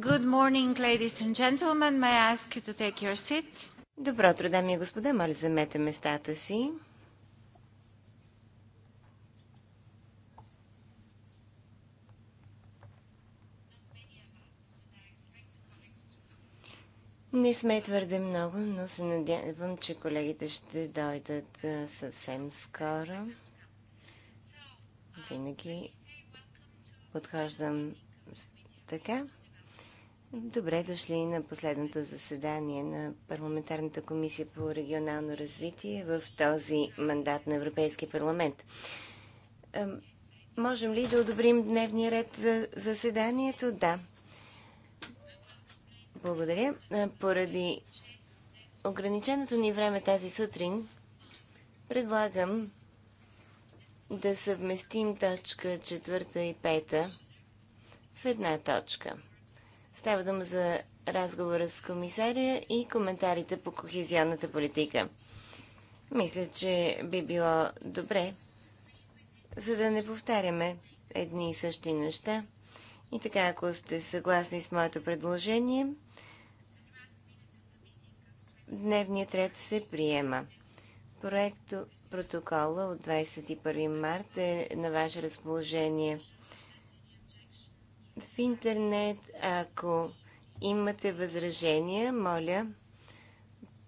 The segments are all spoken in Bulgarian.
Good morning, ladies and gentlemen. May I ask you to take your seats? Добро утро, дами и господа. Моля, заемете местата си. Не сме твърде много, но се надявам, че колегите ще дойдат съвсем скоро. Винаги подхождам така. Добре дошли на последното заседание на Парламентарната комисия по регионално развитие в този мандат на Европейския парламент. Можем ли да одобрим дневния ред за заседанието? Да. Благодаря. Поради ограниченото ни време тази сутрин, предлагам да съвместим точка четвърта и пета в една точка – Става дума за разговора с комисаря и коментарите по кохезионната политика. Мисля, че би било добре, за да не повтаряме едни и същи неща. И така, ако сте съгласни с моето предложение, дневният ред се приема. Проекто протокола от 21 марта е на ваше разположение в интернет. Ако имате възражения, моля,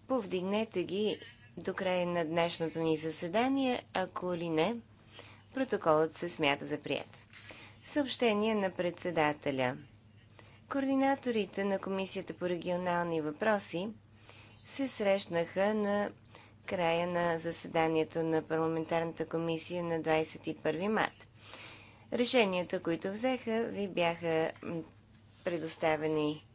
повдигнете ги до края на днешното ни заседание. Ако ли не, протоколът се смята за прият. Съобщение на председателя. Координаторите на Комисията по регионални въпроси се срещнаха на края на заседанието на парламентарната комисия на 21 марта. Решенията, които взеха, ви бяха предоставени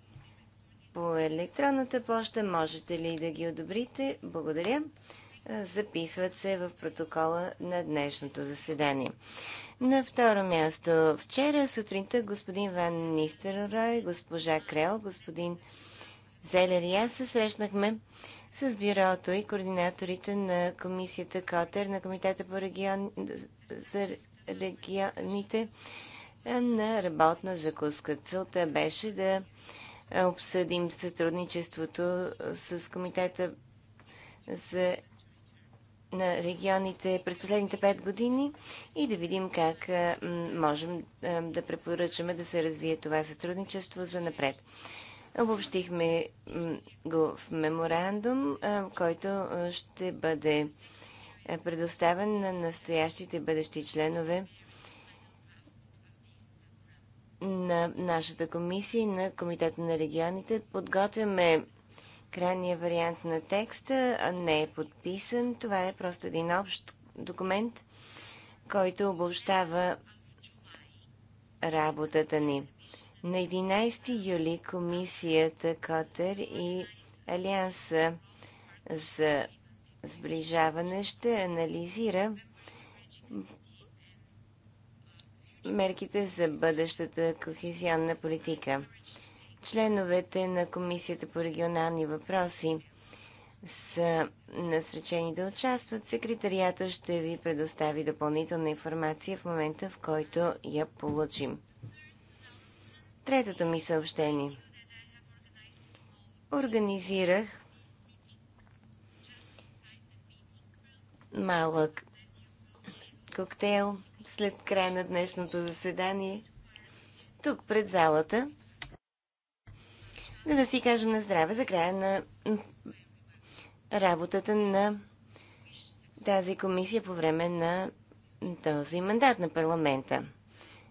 по електронната поща. Можете ли да ги одобрите? Благодаря. Записват се в протокола на днешното заседание. На второ място, вчера сутринта господин Ван Рой, госпожа Крел, господин Зелер и аз се срещнахме с бюрото и координаторите на комисията Котер, на комитета по регион, за регионите е, на работна закуска. Целта беше да е, обсъдим сътрудничеството с комитета за на регионите през последните 5 години и да видим как е, можем да препоръчаме да се развие това сътрудничество за напред. Обобщихме го в меморандум, който ще бъде предоставен на настоящите бъдещи членове на нашата комисия и на Комитета на регионите. Подготвяме крайния вариант на текста, не е подписан. Това е просто един общ документ, който обобщава работата ни. На 11 юли комисията Котер и Алианса за сближаване ще анализира мерките за бъдещата кохезионна политика. Членовете на Комисията по регионални въпроси са насречени да участват. Секретарията ще ви предостави допълнителна информация в момента, в който я получим. Третото ми съобщение. Организирах малък коктейл след края на днешното заседание тук пред залата, за да си кажем на здраве за края на работата на тази комисия по време на този мандат на парламента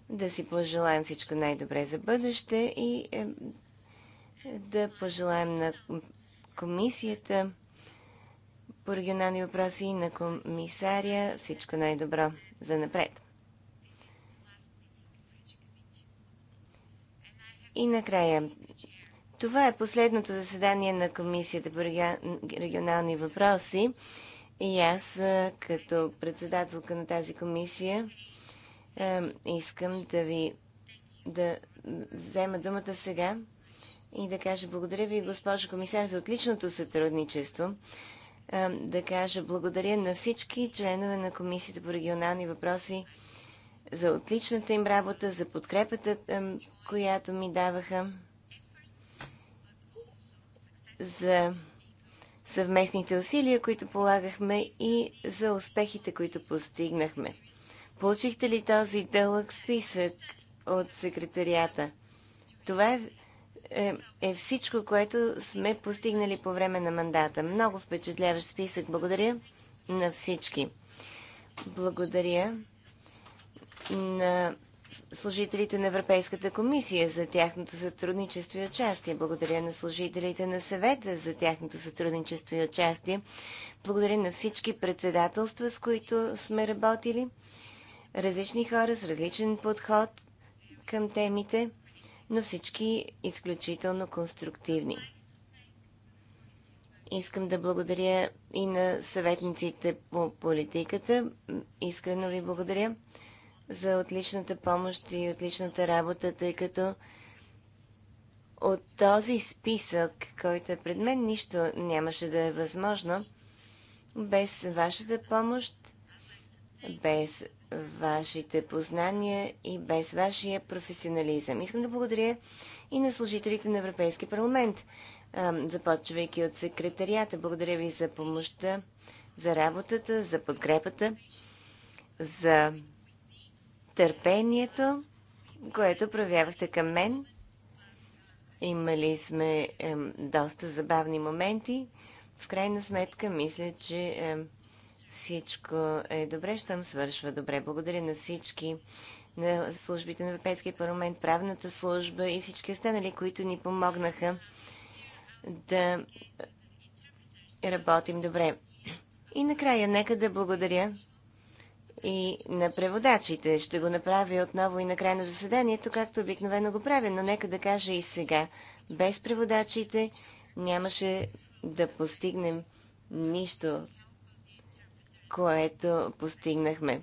да си пожелаем всичко най-добре за бъдеще и е, да пожелаем на комисията по регионални въпроси и на комисаря всичко най-добро за напред. И накрая, това е последното заседание на Комисията по регионални въпроси и аз е, като председателка на тази комисия искам да ви да взема думата сега и да кажа благодаря ви, госпожо комисар, за отличното сътрудничество. Да кажа благодаря на всички членове на Комисията по регионални въпроси за отличната им работа, за подкрепата, която ми даваха, за съвместните усилия, които полагахме и за успехите, които постигнахме. Получихте ли този дълъг списък от секретарията? Това е, е, е всичко, което сме постигнали по време на мандата. Много впечатляващ списък. Благодаря на всички. Благодаря на служителите на Европейската комисия за тяхното сътрудничество и участие. Благодаря на служителите на съвета за тяхното сътрудничество и участие. Благодаря на всички председателства, с които сме работили различни хора с различен подход към темите, но всички изключително конструктивни. Искам да благодаря и на съветниците по политиката. Искрено ви благодаря за отличната помощ и отличната работа, тъй като от този списък, който е пред мен, нищо нямаше да е възможно без вашата помощ, без вашите познания и без вашия професионализъм. Искам да благодаря и на служителите на Европейския парламент, започвайки от секретарията. Благодаря ви за помощта, за работата, за подкрепата, за търпението, което проявявахте към мен. Имали сме доста забавни моменти. В крайна сметка, мисля, че е, всичко е добре, щом свършва добре. Благодаря на всички на службите на Европейския парламент, правната служба и всички останали, които ни помогнаха да работим добре. И накрая, нека да благодаря и на преводачите. Ще го направя отново и на края на заседанието, както обикновено го правя, но нека да кажа и сега. Без преводачите нямаше да постигнем нищо което постигнахме.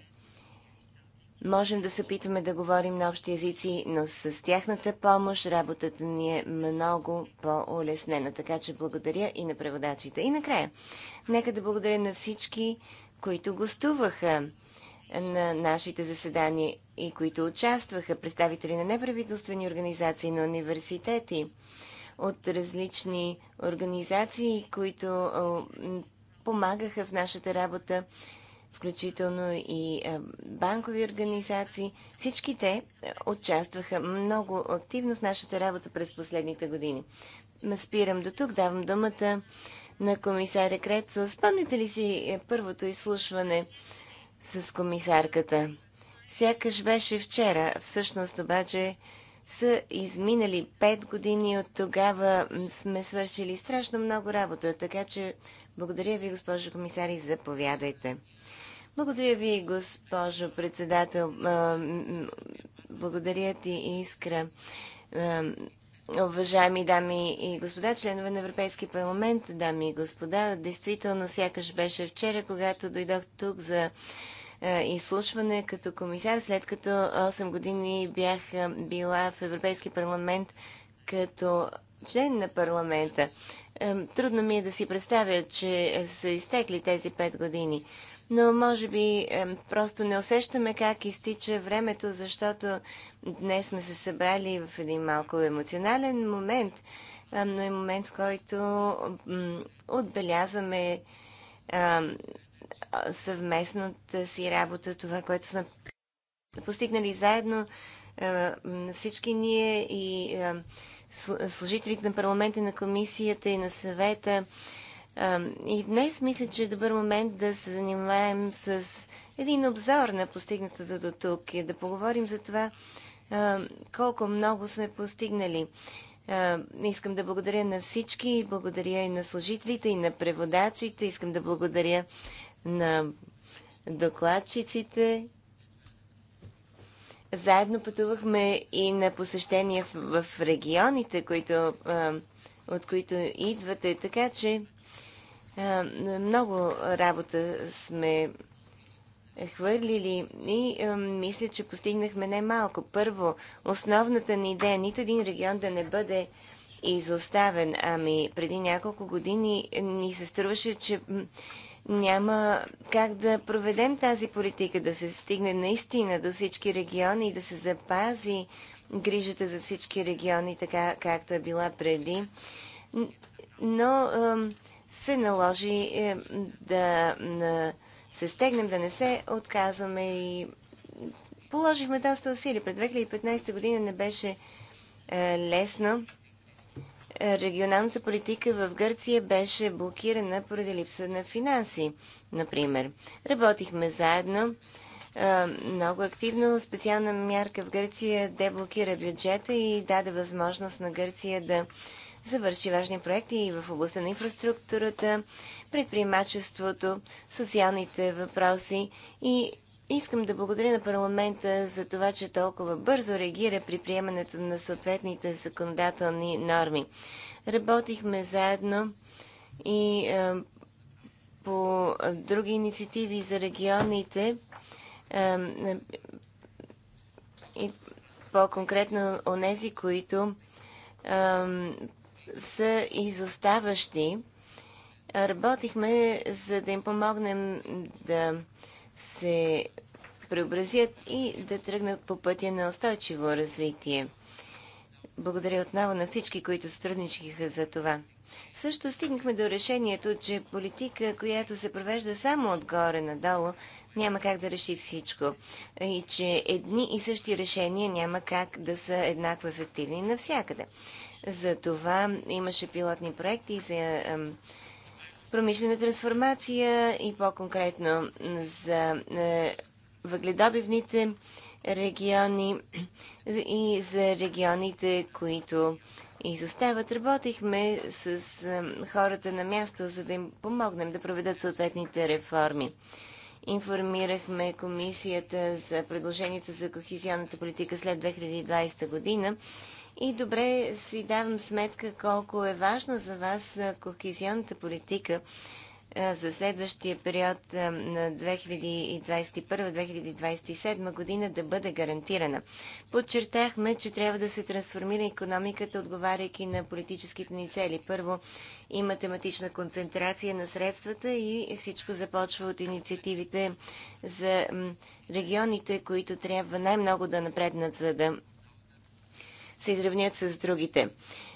Можем да се опитваме да говорим на общи езици, но с тяхната помощ работата ни е много по-улеснена. Така че благодаря и на преводачите. И накрая, нека да благодаря на всички, които гостуваха на нашите заседания и които участваха представители на неправителствени организации, на университети, от различни организации, които помагаха в нашата работа, включително и банкови организации. Всички те участваха много активно в нашата работа през последните години. Спирам до тук, давам думата на комисаря Крецо. Спомняте ли си е, първото изслушване с комисарката? Сякаш беше вчера, всъщност обаче са изминали 5 години. От тогава сме свършили страшно много работа, така че благодаря ви, госпожо комисар, и заповядайте. Благодаря ви, госпожо председател. Благодаря ти, Искра. Уважаеми дами и господа, членове на Европейски парламент, дами и господа, действително сякаш беше вчера, когато дойдох тук за е, изслушване като комисар, след като 8 години бях е, била в Европейски парламент като член на парламента. Е, трудно ми е да си представя, че са изтекли тези 5 години. Но може би просто не усещаме как изтича времето, защото днес сме се събрали в един малко емоционален момент, но е момент, в който отбелязваме съвместната си работа, това, което сме постигнали заедно всички ние и служителите на парламента, на комисията и на съвета. И днес мисля, че е добър момент да се занимаем с един обзор на постигнатото до тук и да поговорим за това колко много сме постигнали. Искам да благодаря на всички, благодаря и на служителите, и на преводачите, искам да благодаря на докладчиците. Заедно пътувахме и на посещения в, регионите, които, от които идвате, така че много работа сме хвърлили и мисля, че постигнахме най-малко. Първо, основната ни идея нито един регион да не бъде изоставен. Ами, преди няколко години ни се струваше, че няма как да проведем тази политика, да се стигне наистина до всички региони и да се запази грижата за всички региони, така както е била преди. Но се наложи да се стегнем, да не се отказваме и положихме доста усилия. Пред 2015 година не беше е, лесно регионалната политика в Гърция беше блокирана поради липса на финанси, например. Работихме заедно много активно. Специална мярка в Гърция деблокира бюджета и даде възможност на Гърция да завърши важни проекти и в областта на инфраструктурата, предприемачеството, социалните въпроси и Искам да благодаря на парламента за това, че толкова бързо реагира при приемането на съответните законодателни норми. Работихме заедно и е, по други инициативи за регионите е, е, и по-конкретно онези, които са изоставащи. Работихме за да им помогнем да се преобразят и да тръгнат по пътя на устойчиво развитие. Благодаря отново на всички, които сътрудничиха за това. Също стигнахме до решението, че политика, която се провежда само отгоре надолу, няма как да реши всичко. И че едни и същи решения няма как да са еднакво ефективни навсякъде. За това имаше пилотни проекти за промишлена трансформация и по-конкретно за е, въгледобивните региони и за регионите, които изостават. Работихме с е, хората на място, за да им помогнем да проведат съответните реформи. Информирахме комисията за предложенията за кохизионната политика след 2020 година и добре си давам сметка колко е важно за вас кохезионната политика за следващия период на 2021-2027 година да бъде гарантирана. Подчертахме, че трябва да се трансформира економиката, отговаряйки на политическите ни цели. Първо има тематична концентрация на средствата и всичко започва от инициативите за регионите, които трябва най-много да напреднат, за да се изравнят с другите.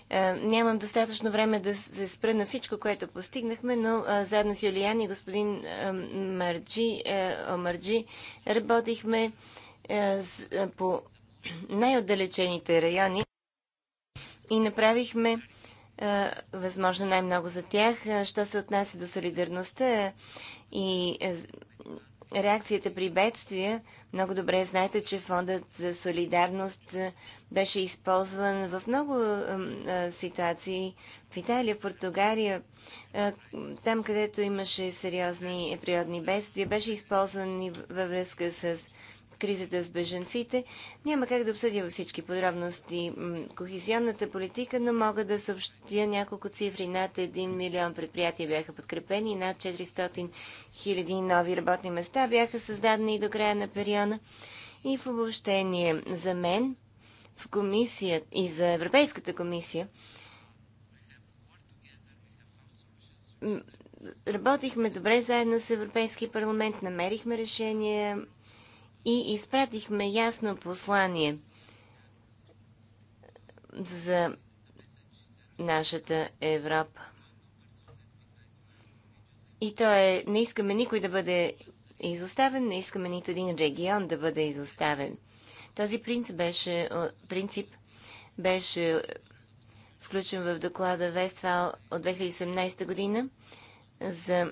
Е, нямам достатъчно време да се спра на всичко, което постигнахме, но е, заедно с Юлиан и господин е, Марджи, Омарджи работихме по най-отдалечените райони и направихме възможно най-много за тях. Що се отнася до солидарността и реакцията при бедствия. Много добре знаете, че фондът за солидарност беше използван в много ситуации в Италия, в Португалия, там където имаше сериозни природни бедствия, беше използван и във връзка с кризата с беженците. Няма как да обсъдя във всички подробности кохезионната политика, но мога да съобщя няколко цифри. Над 1 милион предприятия бяха подкрепени, над 400 хиляди нови работни места бяха създадени и до края на периода. И в обобщение за мен, в комисия и за Европейската комисия, работихме добре заедно с Европейски парламент, намерихме решения, и изпратихме ясно послание за нашата Европа. И то е, не искаме никой да бъде изоставен, не искаме нито един регион да бъде изоставен. Този принцип беше, принцип беше включен в доклада Вестфал от 2017 година за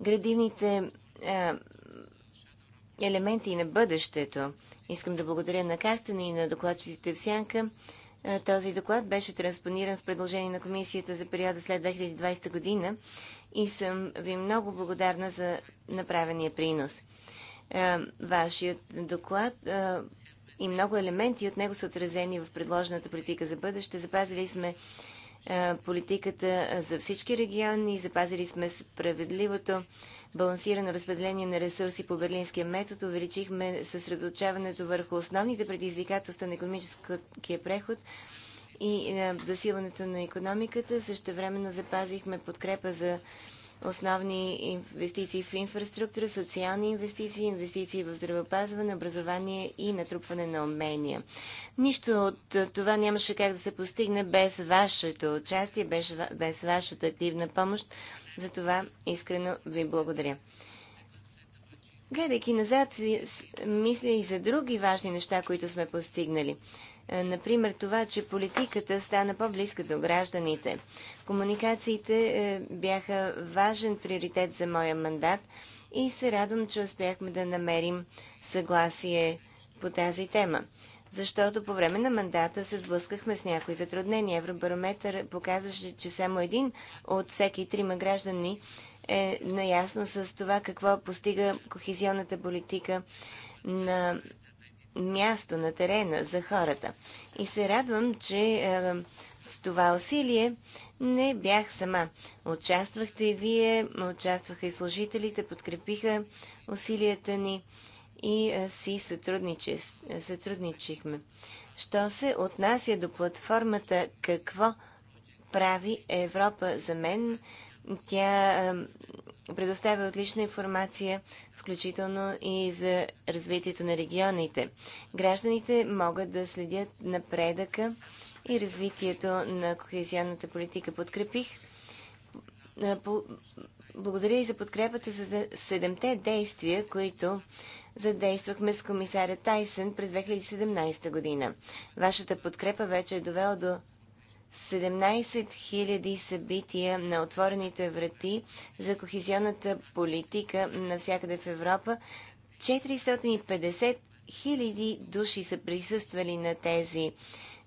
градивните а, елементи на бъдещето. Искам да благодаря на Карстена и на докладчиците в Сянка. Е, този доклад беше транспониран в предложение на комисията за периода след 2020 година и съм ви много благодарна за направения принос. Е, вашият доклад е, и много елементи от него са отразени в предложената политика за бъдеще. Запазили сме политиката за всички региони, запазили сме справедливото балансирано разпределение на ресурси по берлинския метод, увеличихме съсредоточаването върху основните предизвикателства на економическия преход и засилването на економиката. Също времено запазихме подкрепа за основни инвестиции в инфраструктура, социални инвестиции, инвестиции в здравеопазване, образование и натрупване на умения. Нищо от това нямаше как да се постигне без вашето участие, без, без вашата активна помощ. За това искрено ви благодаря. Гледайки назад, мисля и за други важни неща, които сме постигнали. Е, например, това, че политиката стана по-близка до гражданите. Комуникациите е, бяха важен приоритет за моя мандат и се радвам, че успяхме да намерим съгласие по тази тема. Защото по време на мандата се сблъскахме с някои затруднения. Евробарометър показваше, че само един от всеки трима граждани е наясно с това какво постига кохезионната политика на място на терена за хората. И се радвам, че е, в това усилие не бях сама. Участвахте и вие, участваха и служителите, подкрепиха усилията ни и е, си сътрудничихме. Що се отнася до платформата Какво прави Европа за мен, тя е, предоставя отлична информация, включително и за развитието на регионите. Гражданите могат да следят напредъка и развитието на кохезионната политика. Подкрепих. Благодаря и за подкрепата за седемте действия, които задействахме с комисаря Тайсън през 2017 година. Вашата подкрепа вече е довела до 17 000 събития на отворените врати за кохезионната политика навсякъде в Европа. 450 000 души са присъствали на тези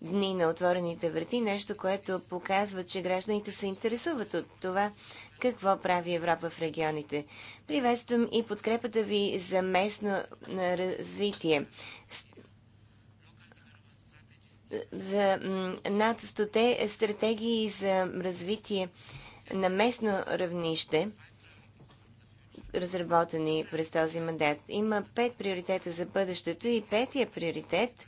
дни на отворените врати, нещо, което показва, че гражданите се интересуват от това какво прави Европа в регионите. Приветствам и подкрепата ви за местно развитие за над 100 стратегии за развитие на местно равнище, разработени през този мандат. Има пет приоритета за бъдещето и петия приоритет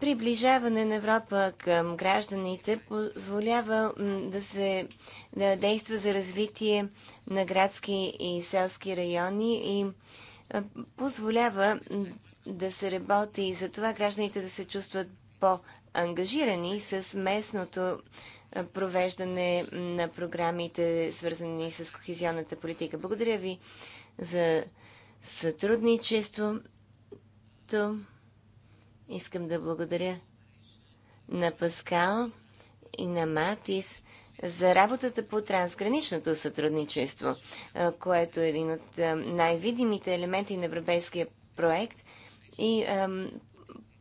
приближаване на Европа към гражданите позволява да се да действа за развитие на градски и селски райони и позволява да се работи и за това гражданите да се чувстват по-ангажирани с местното провеждане на програмите, свързани с кохезионната политика. Благодаря ви за сътрудничеството. Искам да благодаря на Паскал и на Матис за работата по трансграничното сътрудничество, което е един от най-видимите елементи на европейския проект и ам,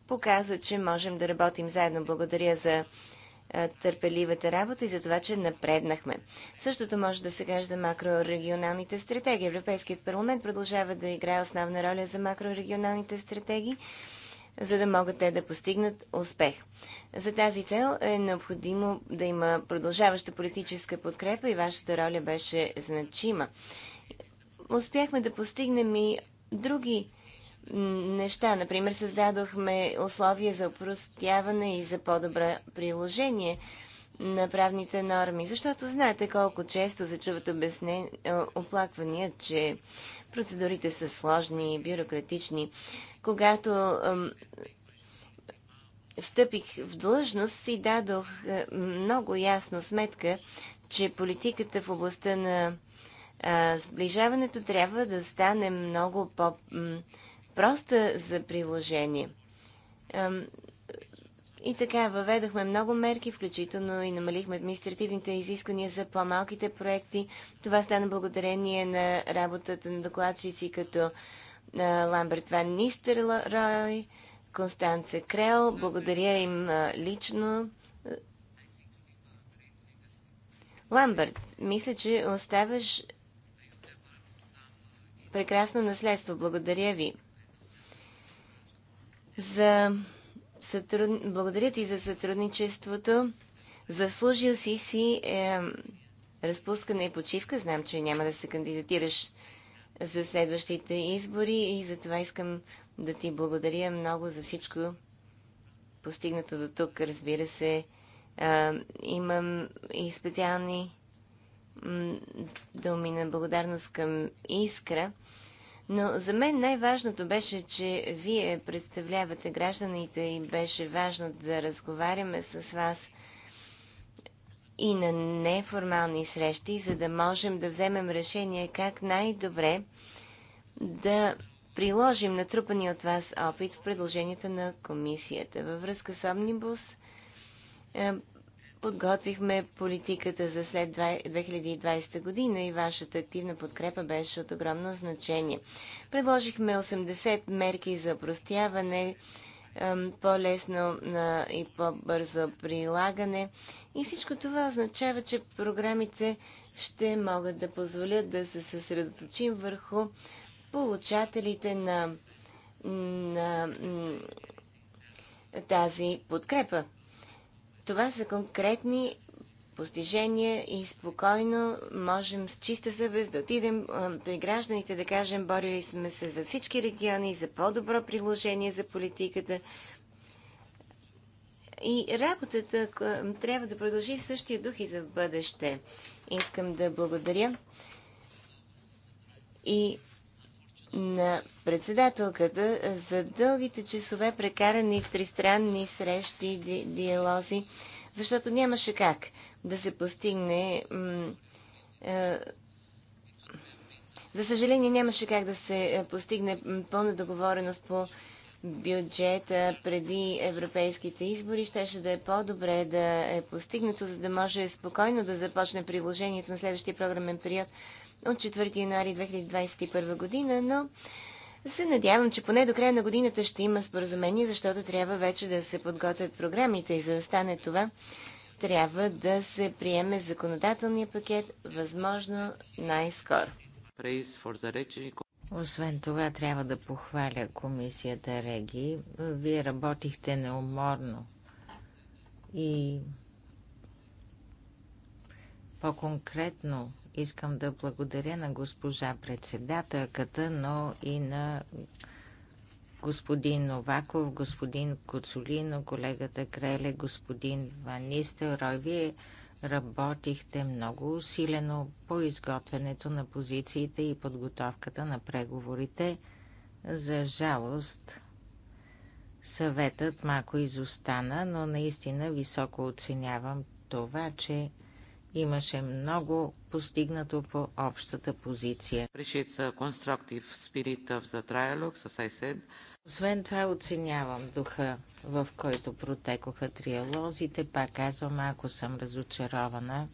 показа, че можем да работим заедно. Благодаря за търпеливата работа и за това, че напреднахме. Същото може да се каже за макрорегионалните стратегии. Европейският парламент продължава да играе основна роля за макрорегионалните стратегии, за да могат те да постигнат успех. За тази цел е необходимо да има продължаваща политическа подкрепа и вашата роля беше значима. Успяхме да постигнем и други неща. Например, създадохме условия за упростяване и за по-добро приложение на правните норми, защото знаете колко често се чуват обясне... Е, оплаквания, че процедурите са сложни и бюрократични. Когато встъпих в длъжност, си дадох е, много ясна сметка, че политиката в областта на сближаването трябва да стане много по- проста за приложение. И така, въведохме много мерки, включително и намалихме административните изисквания за по-малките проекти. Това стана благодарение на работата на докладчици като Ламберт Ван Нистерлой, Констанца Крел. Благодаря им лично. Ламберт, мисля, че оставаш прекрасно наследство. Благодаря ви за сътруд... Благодаря ти за сътрудничеството. Заслужил си си е, разпускане и почивка. Знам, че няма да се кандидатираш за следващите избори и за това искам да ти благодаря много за всичко постигнато до тук. Разбира се, е, имам и специални думи на благодарност към Искра, но за мен най-важното беше, че вие представлявате гражданите и беше важно да разговаряме с вас и на неформални срещи, за да можем да вземем решение как най-добре да приложим натрупания от вас опит в предложенията на комисията. Във връзка с Омнибус, подготвихме политиката за след 2020 година и вашата активна подкрепа беше от огромно значение. Предложихме 80 мерки за простяване, по-лесно и по-бързо прилагане. И всичко това означава, че програмите ще могат да позволят да се съсредоточим върху получателите на, на тази подкрепа. Това са конкретни постижения и спокойно можем с чиста съвест да отидем при гражданите да кажем борили сме се за всички региони, за по-добро приложение за политиката. И работата трябва да продължи в същия дух и за бъдеще. Искам да благодаря и на председателката за дългите часове, прекарани в тристранни срещи, ди, диалози, защото нямаше как да се постигне. Е, за съжаление, нямаше как да се е, постигне пълна договореност по бюджета преди европейските избори. Щеше да е по-добре да е постигнато, за да може спокойно да започне приложението на следващия програмен период от 4 януари 2021 година, но се надявам, че поне до края на годината ще има споразумение, защото трябва вече да се подготвят програмите и за да стане това, трябва да се приеме законодателния пакет възможно най-скоро. Освен това, трябва да похваля комисията Реги. Вие работихте неуморно и по-конкретно Искам да благодаря на госпожа председателката, но и на господин Новаков, господин Коцолино, колегата Креле, господин Ван Нистелрой. Вие работихте много усилено по изготвянето на позициите и подготовката на преговорите. За жалост, съветът малко изостана, но наистина високо оценявам това, че имаше много постигнато по общата позиция. Освен това оценявам духа, в който протекоха триалозите. Пак казвам, ако съм разочарована,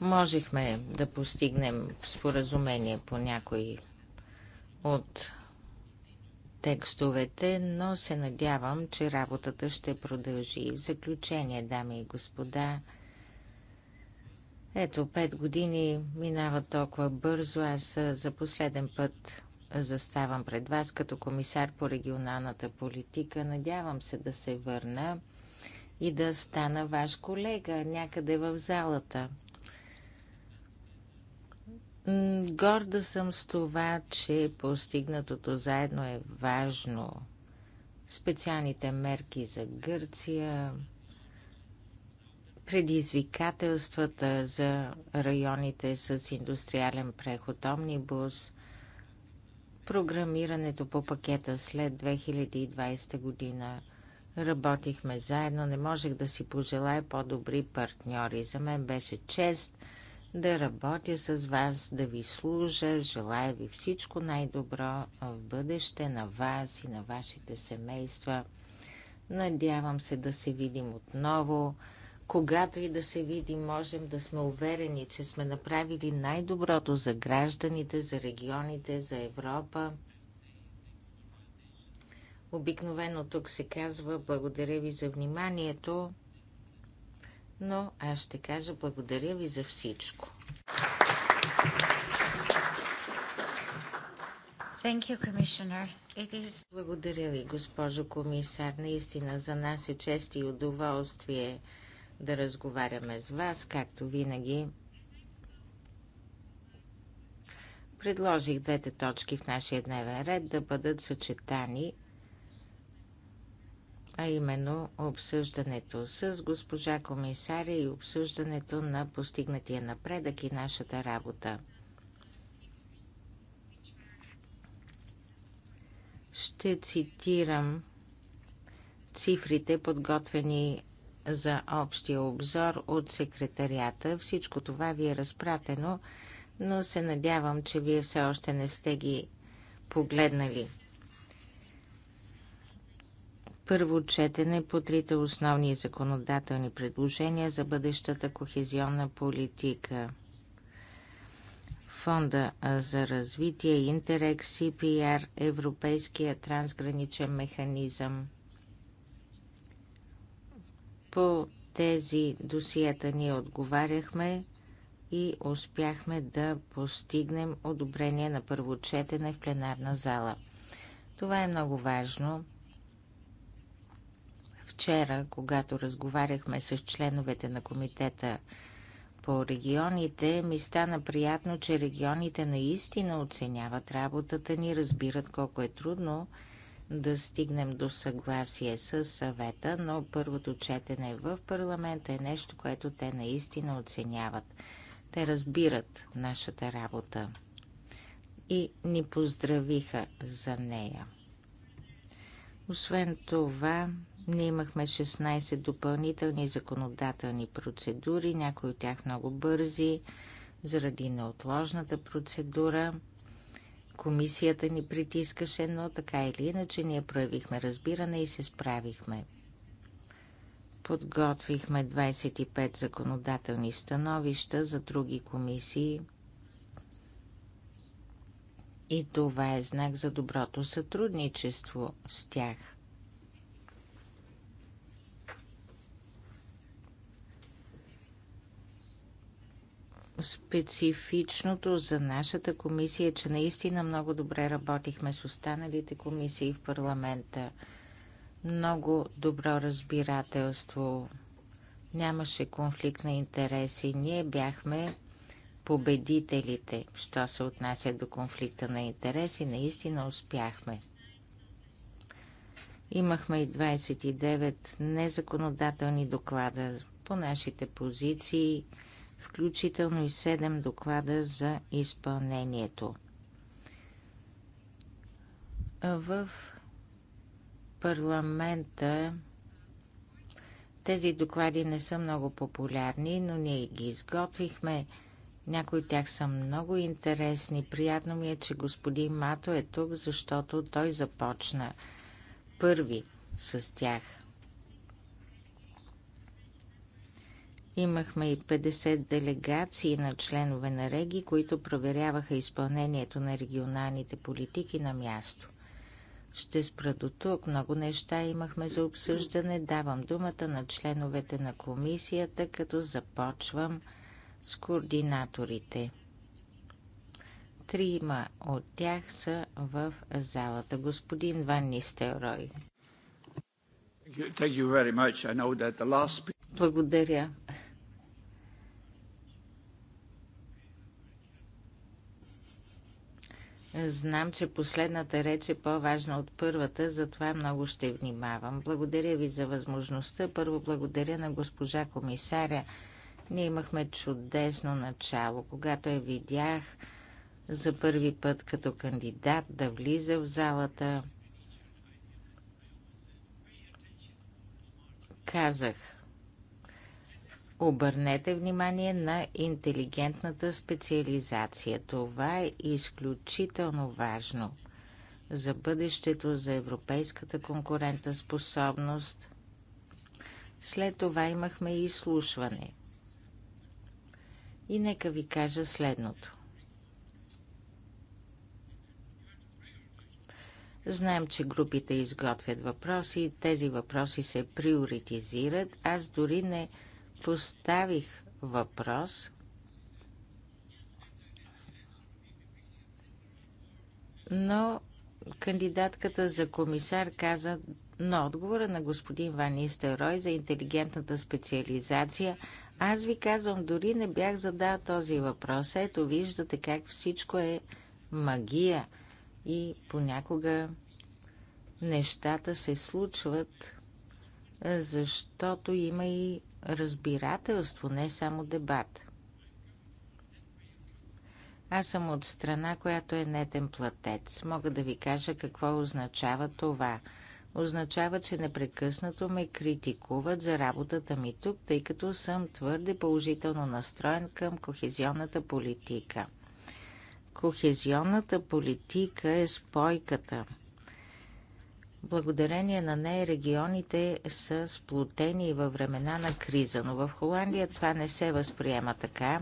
можехме да постигнем споразумение по някои от текстовете, но се надявам, че работата ще продължи. В заключение, дами и господа, ето, пет години минава толкова бързо. Аз за последен път заставам пред вас като комисар по регионалната политика. Надявам се да се върна и да стана ваш колега някъде в залата. Горда съм с това, че постигнатото заедно е важно. Специалните мерки за Гърция, предизвикателствата за районите с индустриален преход Омнибус, програмирането по пакета след 2020 година. Работихме заедно, не можех да си пожелая по-добри партньори. За мен беше чест – да работя с вас, да ви служа. Желая ви всичко най-добро в бъдеще на вас и на вашите семейства. Надявам се да се видим отново. Когато и да се видим, можем да сме уверени, че сме направили най-доброто за гражданите, за регионите, за Европа. Обикновено тук се казва благодаря ви за вниманието но аз ще кажа благодаря ви за всичко. Thank you, Commissioner. Is... Благодаря ви, госпожо комисар. Наистина за нас е чест и удоволствие да разговаряме с вас, както винаги. Предложих двете точки в нашия дневен ред да бъдат съчетани а именно обсъждането с госпожа комисаря и обсъждането на постигнатия напредък и нашата работа. Ще цитирам цифрите, подготвени за общия обзор от секретарията. Всичко това ви е разпратено, но се надявам, че вие все още не сте ги погледнали първо четене по трите основни законодателни предложения за бъдещата кохезионна политика. Фонда за развитие, Интерек, CPR, Европейския трансграничен механизъм. По тези досиета ние отговаряхме и успяхме да постигнем одобрение на първо четене в пленарна зала. Това е много важно, Вчера, когато разговаряхме с членовете на комитета по регионите, ми стана приятно, че регионите наистина оценяват работата ни, разбират колко е трудно да стигнем до съгласие с съвета, но първото четене в парламента е нещо, което те наистина оценяват. Те разбират нашата работа и ни поздравиха за нея. Освен това, ние имахме 16 допълнителни законодателни процедури, някои от тях много бързи, заради неотложната процедура. Комисията ни притискаше, но така или иначе ние проявихме разбиране и се справихме. Подготвихме 25 законодателни становища за други комисии. И това е знак за доброто сътрудничество с тях – Специфичното за нашата комисия е, че наистина много добре работихме с останалите комисии в парламента. Много добро разбирателство. Нямаше конфликт на интереси. Ние бяхме победителите, що се отнася до конфликта на интереси. Наистина успяхме. Имахме и 29 незаконодателни доклада по нашите позиции – включително и 7 доклада за изпълнението. В парламента тези доклади не са много популярни, но ние ги изготвихме. Някои от тях са много интересни. Приятно ми е, че господин Мато е тук, защото той започна първи с тях – Имахме и 50 делегации на членове на Реги, които проверяваха изпълнението на регионалните политики на място. Ще спра до тук. Много неща имахме за обсъждане. Давам думата на членовете на комисията, като започвам с координаторите. Трима от тях са в залата. Господин Ван Нистелрой. Благодаря. Знам, че последната реч е по-важна от първата, затова много ще внимавам. Благодаря ви за възможността. Първо благодаря на госпожа комисаря. Ние имахме чудесно начало, когато я видях за първи път като кандидат да влиза в залата. Казах, Обърнете внимание на интелигентната специализация. Това е изключително важно за бъдещето, за европейската конкурента способност. След това имахме и изслушване. И нека ви кажа следното. Знаем, че групите изготвят въпроси, тези въпроси се приоритизират. Аз дори не поставих въпрос но кандидатката за комисар каза на отговора на господин Ван Истерой за интелигентната специализация. Аз ви казвам, дори не бях задал този въпрос. Ето виждате как всичко е магия и понякога нещата се случват, защото има и разбирателство, не само дебат. Аз съм от страна, която е нетен платец. Мога да ви кажа какво означава това. Означава, че непрекъснато ме критикуват за работата ми тук, тъй като съм твърде положително настроен към кохезионната политика. Кохезионната политика е спойката – Благодарение на нея регионите са сплутени във времена на криза, но в Холандия това не се възприема така.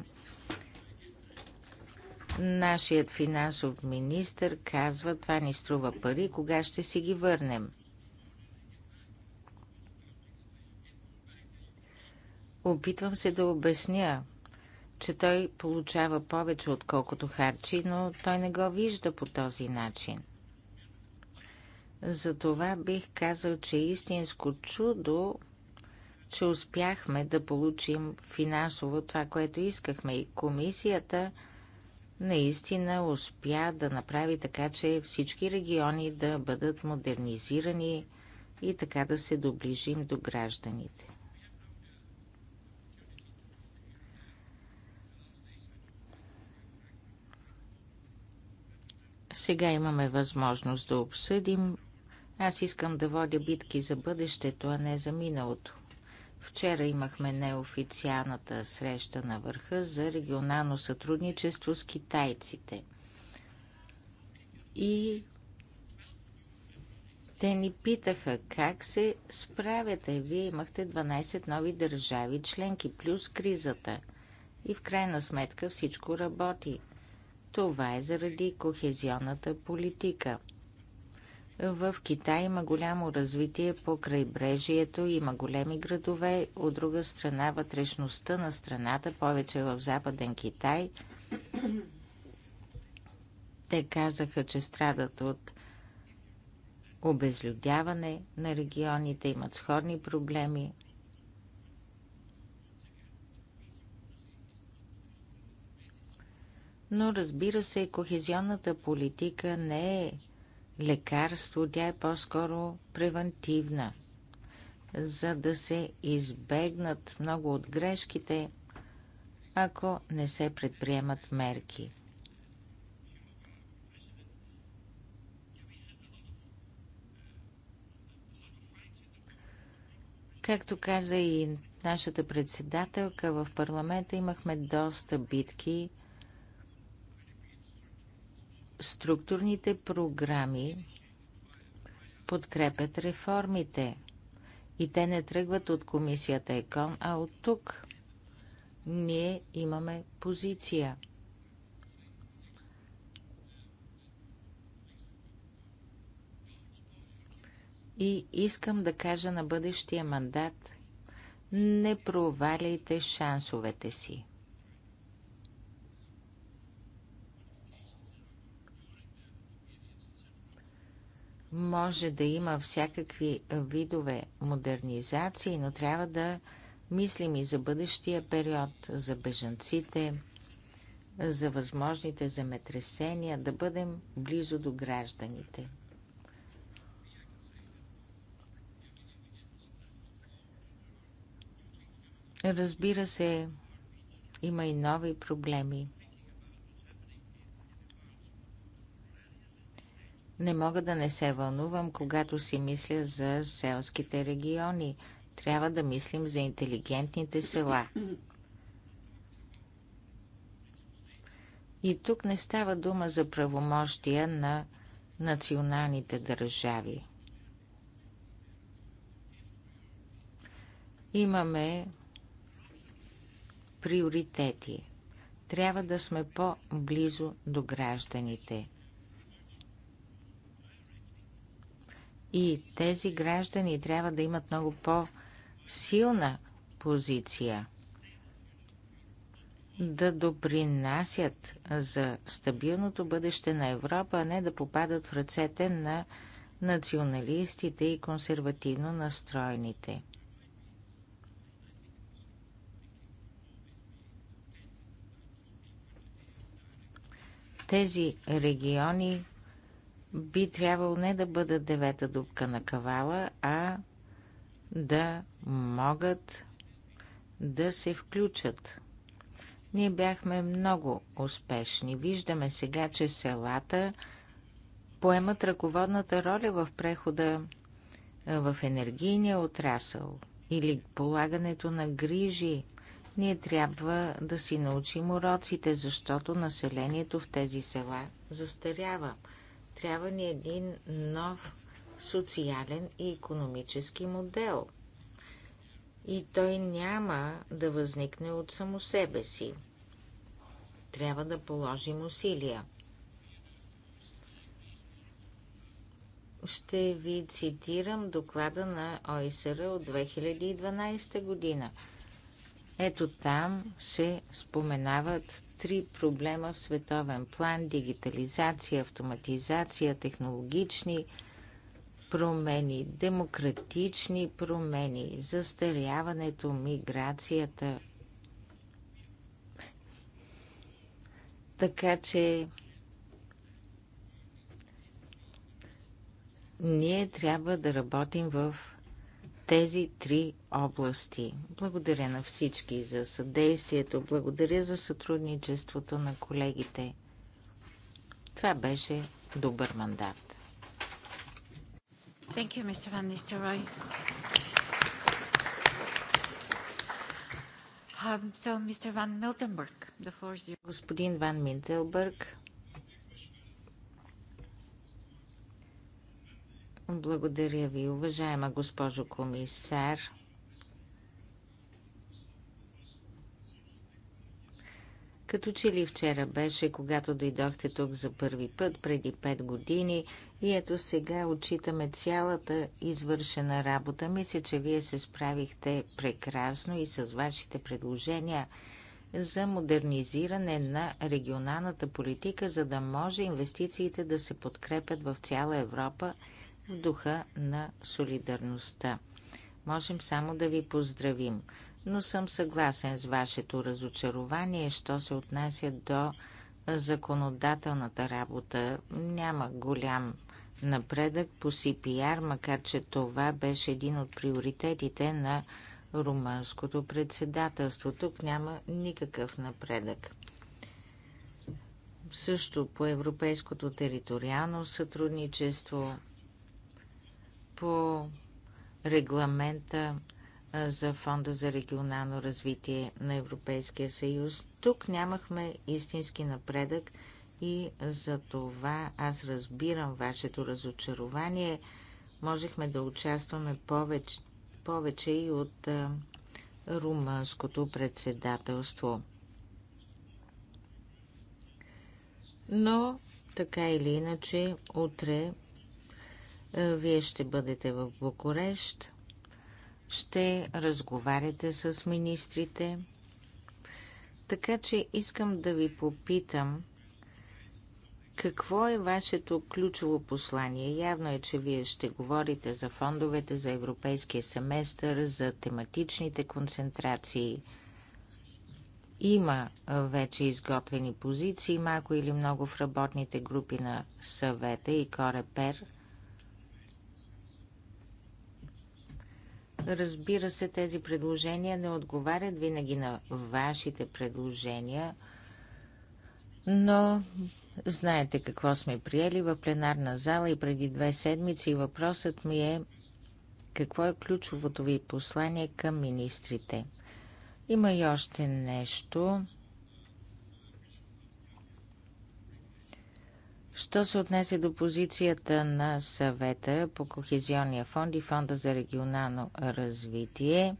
Нашият финансов министр казва, това ни струва пари, кога ще си ги върнем. Опитвам се да обясня, че той получава повече отколкото харчи, но той не го вижда по този начин. Затова бих казал, че е истинско чудо, че успяхме да получим финансово това, което искахме. И комисията наистина успя да направи така, че всички региони да бъдат модернизирани и така да се доближим до гражданите. Сега имаме възможност да обсъдим аз искам да водя битки за бъдещето, а не за миналото. Вчера имахме неофициалната среща на върха за регионално сътрудничество с китайците. И те ни питаха как се справяте. Вие имахте 12 нови държави членки, плюс кризата. И в крайна сметка всичко работи. Това е заради кохезионната политика – в Китай има голямо развитие по крайбрежието, има големи градове, от друга страна вътрешността на страната, повече в западен Китай. Те казаха, че страдат от обезлюдяване на регионите, имат сходни проблеми. Но разбира се, кохезионната политика не е лекарство, тя е по-скоро превентивна. За да се избегнат много от грешките, ако не се предприемат мерки. Както каза и нашата председателка, в парламента имахме доста битки структурните програми подкрепят реформите и те не тръгват от комисията ЕКОН, а от тук. Ние имаме позиция. И искам да кажа на бъдещия мандат, не проваляйте шансовете си. Може да има всякакви видове модернизации, но трябва да мислим и за бъдещия период, за бежанците, за възможните земетресения, да бъдем близо до гражданите. Разбира се, има и нови проблеми – Не мога да не се вълнувам, когато си мисля за селските региони. Трябва да мислим за интелигентните села. И тук не става дума за правомощия на националните държави. Имаме приоритети. Трябва да сме по-близо до гражданите – И тези граждани трябва да имат много по-силна позиция да допринасят за стабилното бъдеще на Европа, а не да попадат в ръцете на националистите и консервативно настроените. Тези региони би трябвало не да бъдат девета дупка на кавала, а да могат да се включат. Ние бяхме много успешни. Виждаме сега, че селата поемат ръководната роля в прехода в енергийния отрасъл или полагането на грижи. Ние трябва да си научим уроците, защото населението в тези села застарява. Трябва ни един нов социален и економически модел. И той няма да възникне от само себе си. Трябва да положим усилия. Ще ви цитирам доклада на ОИСР от 2012 година. Ето там се споменават три проблема в световен план дигитализация, автоматизация, технологични промени, демократични промени, застаряването, миграцията. Така че ние трябва да работим в тези три области. Благодаря на всички за съдействието, благодаря за сътрудничеството на колегите. Това беше добър мандат. Thank you, Mr. Van Nistelrooy. Um, so, Mr. Van Miltenberg, the floor is yours. Господин Ван Милтенбърг, Благодаря ви, уважаема госпожо комисар. Като че ли вчера беше, когато дойдохте тук за първи път, преди 5 години, и ето сега отчитаме цялата извършена работа. Мисля, че вие се справихте прекрасно и с вашите предложения за модернизиране на регионалната политика, за да може инвестициите да се подкрепят в цяла Европа – в духа на солидарността. Можем само да ви поздравим, но съм съгласен с вашето разочарование, що се отнася до законодателната работа. Няма голям напредък по CPR, макар че това беше един от приоритетите на румънското председателство. Тук няма никакъв напредък. Също по европейското териториално сътрудничество по регламента за Фонда за регионално развитие на Европейския съюз. Тук нямахме истински напредък и за това аз разбирам вашето разочарование. Можехме да участваме повече, повече и от а, румънското председателство. Но, така или иначе, утре е, вие ще бъдете в Букурещ, ще разговаряте с министрите. Така че искам да ви попитам какво е вашето ключово послание. Явно е, че вие ще говорите за фондовете, за европейския семестър, за тематичните концентрации. Има вече изготвени позиции, малко или много в работните групи на съвета и Корепер – Разбира се, тези предложения не отговарят винаги на вашите предложения, но знаете какво сме приели в пленарна зала и преди две седмици. Въпросът ми е какво е ключовото ви послание към министрите. Има и още нещо – Що се отнесе до позицията на съвета по Кохезионния фонд и фонда за регионално развитие,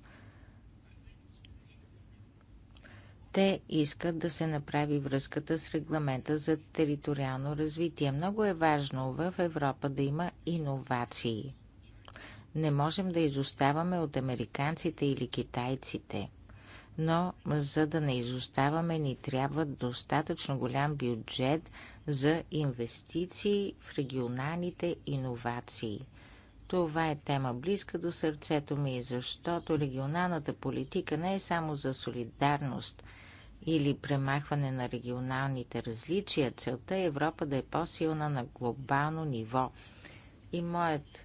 те искат да се направи връзката с регламента за териториално развитие. Много е важно в Европа да има иновации. Не можем да изоставаме от американците или китайците. Но за да не изоставаме, ни трябва достатъчно голям бюджет – за инвестиции в регионалните иновации. Това е тема близка до сърцето ми, защото регионалната политика не е само за солидарност или премахване на регионалните различия. Целта е Европа да е по-силна на глобално ниво. И моят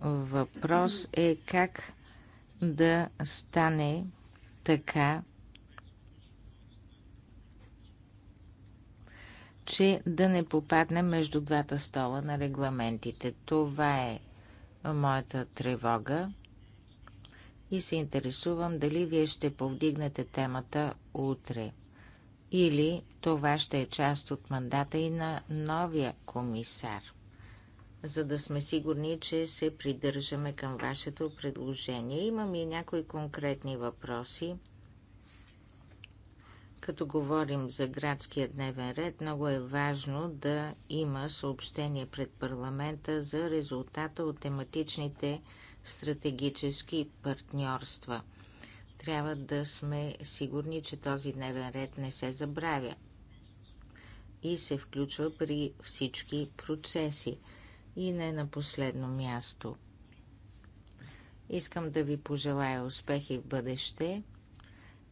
въпрос е как да стане така, че да не попаднем между двата стола на регламентите. Това е моята тревога и се интересувам дали вие ще повдигнете темата утре. Или това ще е част от мандата и на новия комисар, за да сме сигурни, че се придържаме към вашето предложение. Имам и някои конкретни въпроси. Като говорим за градския дневен ред, много е важно да има съобщение пред парламента за резултата от тематичните стратегически партньорства. Трябва да сме сигурни, че този дневен ред не се забравя и се включва при всички процеси. И не на последно място. Искам да ви пожелая успехи в бъдеще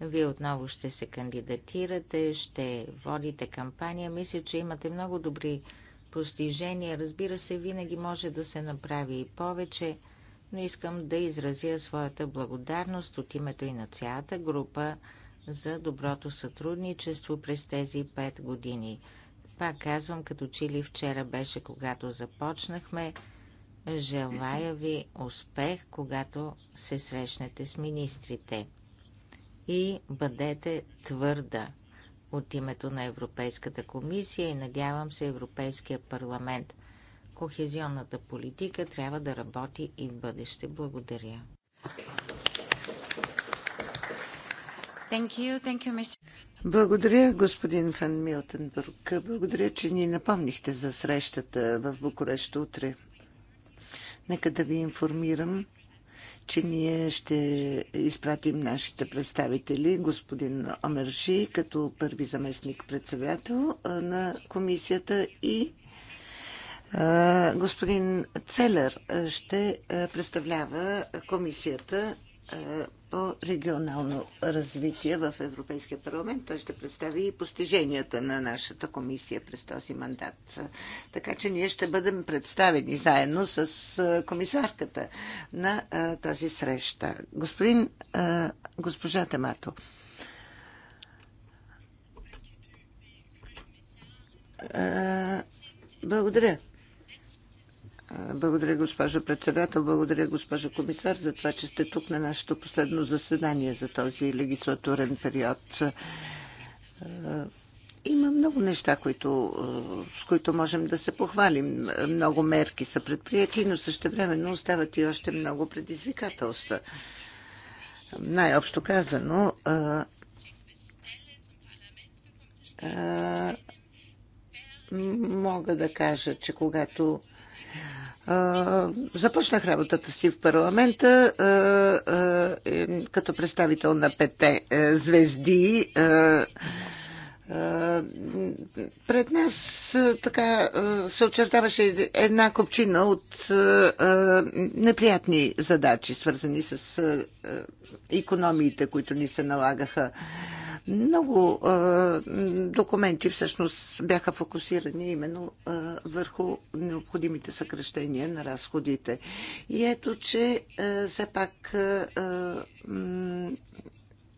вие отново ще се кандидатирате, ще водите кампания. Мисля, че имате много добри постижения. Разбира се, винаги може да се направи и повече, но искам да изразя своята благодарност от името и на цялата група за доброто сътрудничество през тези пет години. Пак казвам, като че ли вчера беше, когато започнахме. Желая ви успех, когато се срещнете с министрите и бъдете твърда от името на Европейската комисия и надявам се Европейския парламент. Кохезионната политика трябва да работи и в бъдеще. Благодаря. Thank you, thank you, Благодаря, господин Фан Милтенбург. Благодаря, че ни напомнихте за срещата в Букурещ утре. Нека да ви информирам, че ние ще изпратим нашите представители, господин Омерши, като първи заместник председател на комисията и господин Целер ще представлява комисията по регионално развитие в Европейския парламент. Той ще представи и постиженията на нашата комисия през този мандат. Така че ние ще бъдем представени заедно с комисарката на тази среща. Господин, госпожа Темато. Благодаря благодаря, госпожо председател. Благодаря, госпожо комисар, за това, че сте тук на нашето последно заседание за този легислатурен период. Е, има много неща, които, е, с които можем да се похвалим. Много мерки са предприяти, но същевременно остават и още много предизвикателства. Най-общо казано, а, е, а, мога да кажа, че когато Започнах работата си в парламента е, като представител на пете е, звезди. Пред нас е, така се очертаваше една копчина от неприятни задачи, свързани с економиите, които ни се налагаха. Много а, документи всъщност бяха фокусирани именно а, върху необходимите съкрещения на разходите. И ето, че а, все пак а,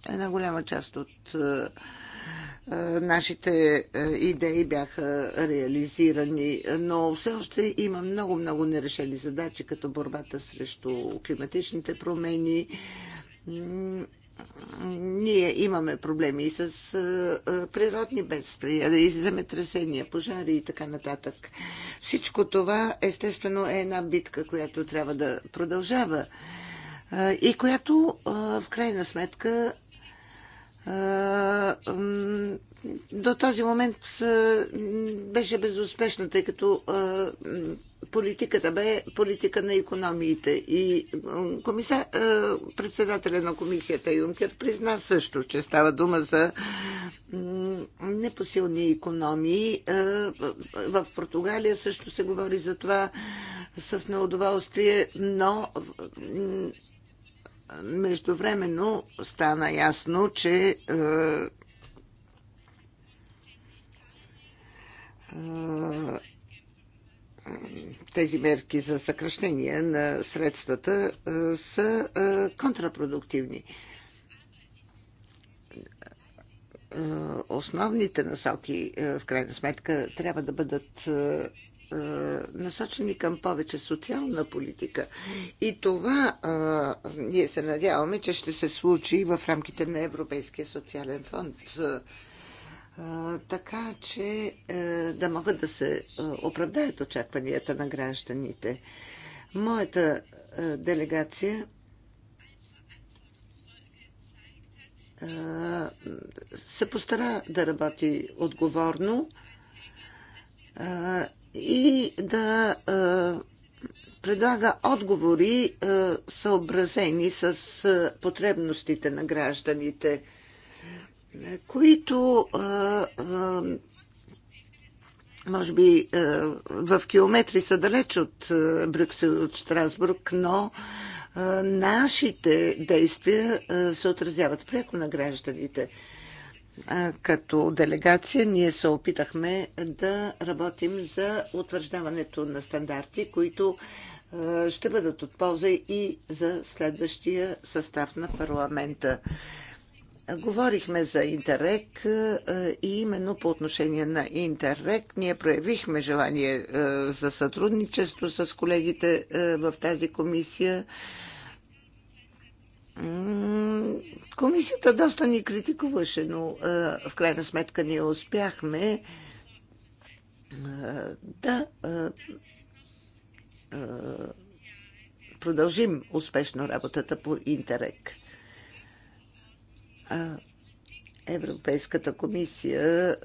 една голяма част от а, нашите идеи бяха реализирани, но все още има много-много нерешени задачи, като борбата срещу климатичните промени ние имаме проблеми и с природни бедствия, и земетресения, пожари и така нататък. Всичко това, естествено, е една битка, която трябва да продължава и която в крайна сметка до този момент беше безуспешна, тъй като политиката бе политика на економиите. И комиса, е, председателя на комисията Юнкер призна също, че става дума за непосилни економии. Е, в Португалия също се говори за това с неудоволствие, но междувременно стана ясно, че е, тези мерки за съкръщение на средствата са контрапродуктивни. Основните насоки, в крайна сметка, трябва да бъдат насочени към повече социална политика. И това ние се надяваме, че ще се случи в рамките на Европейския социален фонд така че е, да могат да се е, оправдаят очакванията на гражданите. Моята е, делегация се постара да работи отговорно и да предлага отговори съобразени с потребностите на гражданите – които може би в километри са далеч от Брюксел и от Штрасбург, но нашите действия се отразяват пряко на гражданите. Като делегация ние се опитахме да работим за утвърждаването на стандарти, които ще бъдат от полза и за следващия състав на парламента. Говорихме за Интеррек е, и именно по отношение на Интеррек ние проявихме желание е, за сътрудничество с колегите е, в тази комисия. Комисията доста ни критикуваше, но в крайна сметка ние успяхме да продължим успешно работата по интеррек. Европейската комисия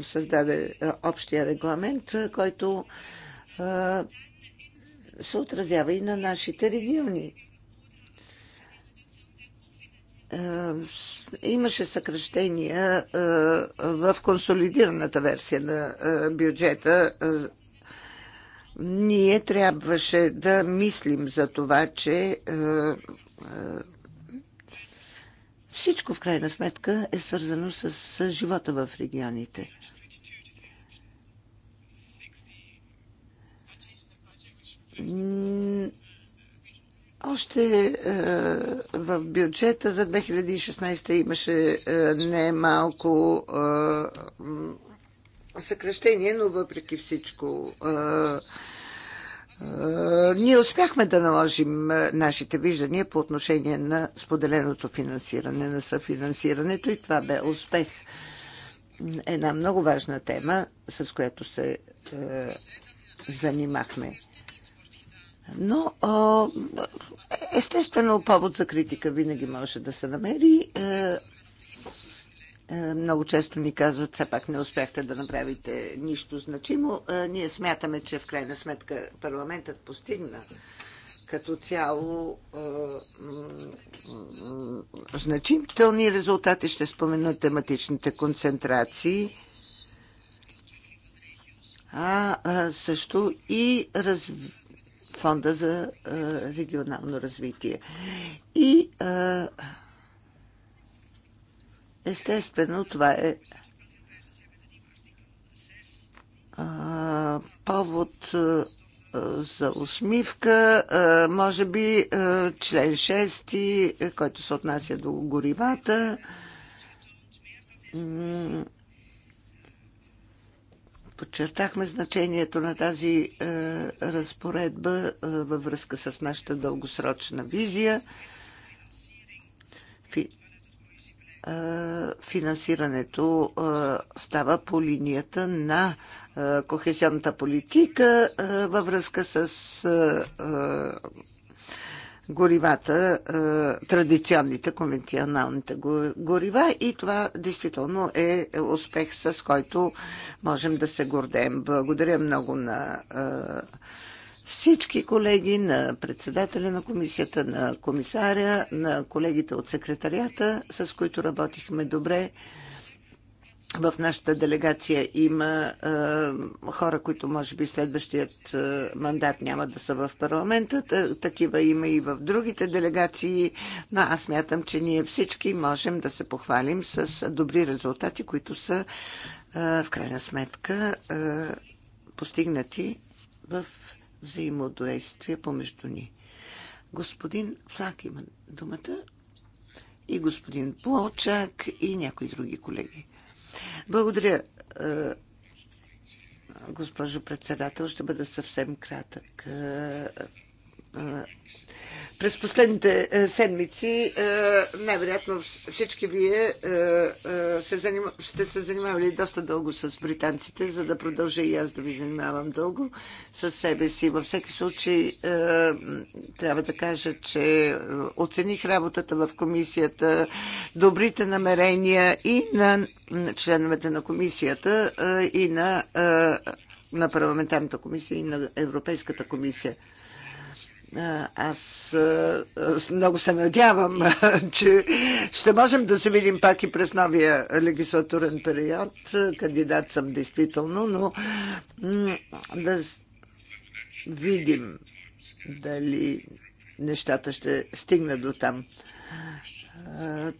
създаде общия регламент, който се отразява и на нашите региони. Имаше съкръщения в консолидираната версия на бюджета. Ние трябваше да мислим за това, че всичко в крайна сметка е свързано с живота в регионите. Още е, в бюджета за 2016 имаше е, немалко е, съкръщение, но въпреки всичко е, ние успяхме да наложим е, нашите виждания по отношение на споделеното финансиране, на съфинансирането и това бе успех. Една много важна тема, с която се е, занимахме. Но е, естествено повод за критика винаги може да се намери. Е, е, много често ни казват, все пак не успяхте да направите нищо значимо. Е, ние смятаме, че в крайна сметка парламентът постигна като цяло е, значителни резултати. Ще спомена тематичните концентрации, а също и раз... фонда за регионално развитие. И Естествено, това е повод за усмивка, може би член 6, който се отнася до горивата. Подчертахме значението на тази разпоредба във връзка с нашата дългосрочна визия финансирането става по линията на кохезионната политика във връзка с горивата, традиционните, конвенционалните горива и това действително е успех, с който можем да се гордеем. Благодаря много на всички колеги на председателя на комисията, на комисаря, на колегите от секретарията, с които работихме добре. В нашата делегация има е, хора, които може би следващият е, мандат няма да са в парламента. Такива има и в другите делегации, но аз мятам, че ние всички можем да се похвалим с добри резултати, които са е, в крайна сметка е, постигнати в взаимодействие помежду ни. Господин Флак има думата и господин Плочак и някои други колеги. Благодаря, е, госпожо председател. Ще бъда съвсем кратък. Е, е, през последните е, седмици е, най-вероятно всички вие е, сте се занимавали доста дълго с британците, за да продължа и аз да ви занимавам дълго с себе си. Във всеки случай трябва да кажа, че оцених работата в комисията, добрите намерения и на членовете на комисията и на, на парламентарната комисия и на Европейската комисия. Аз много се надявам, че ще можем да се видим пак и през новия легислатурен период. Кандидат съм действително, но да видим дали нещата ще стигнат до там.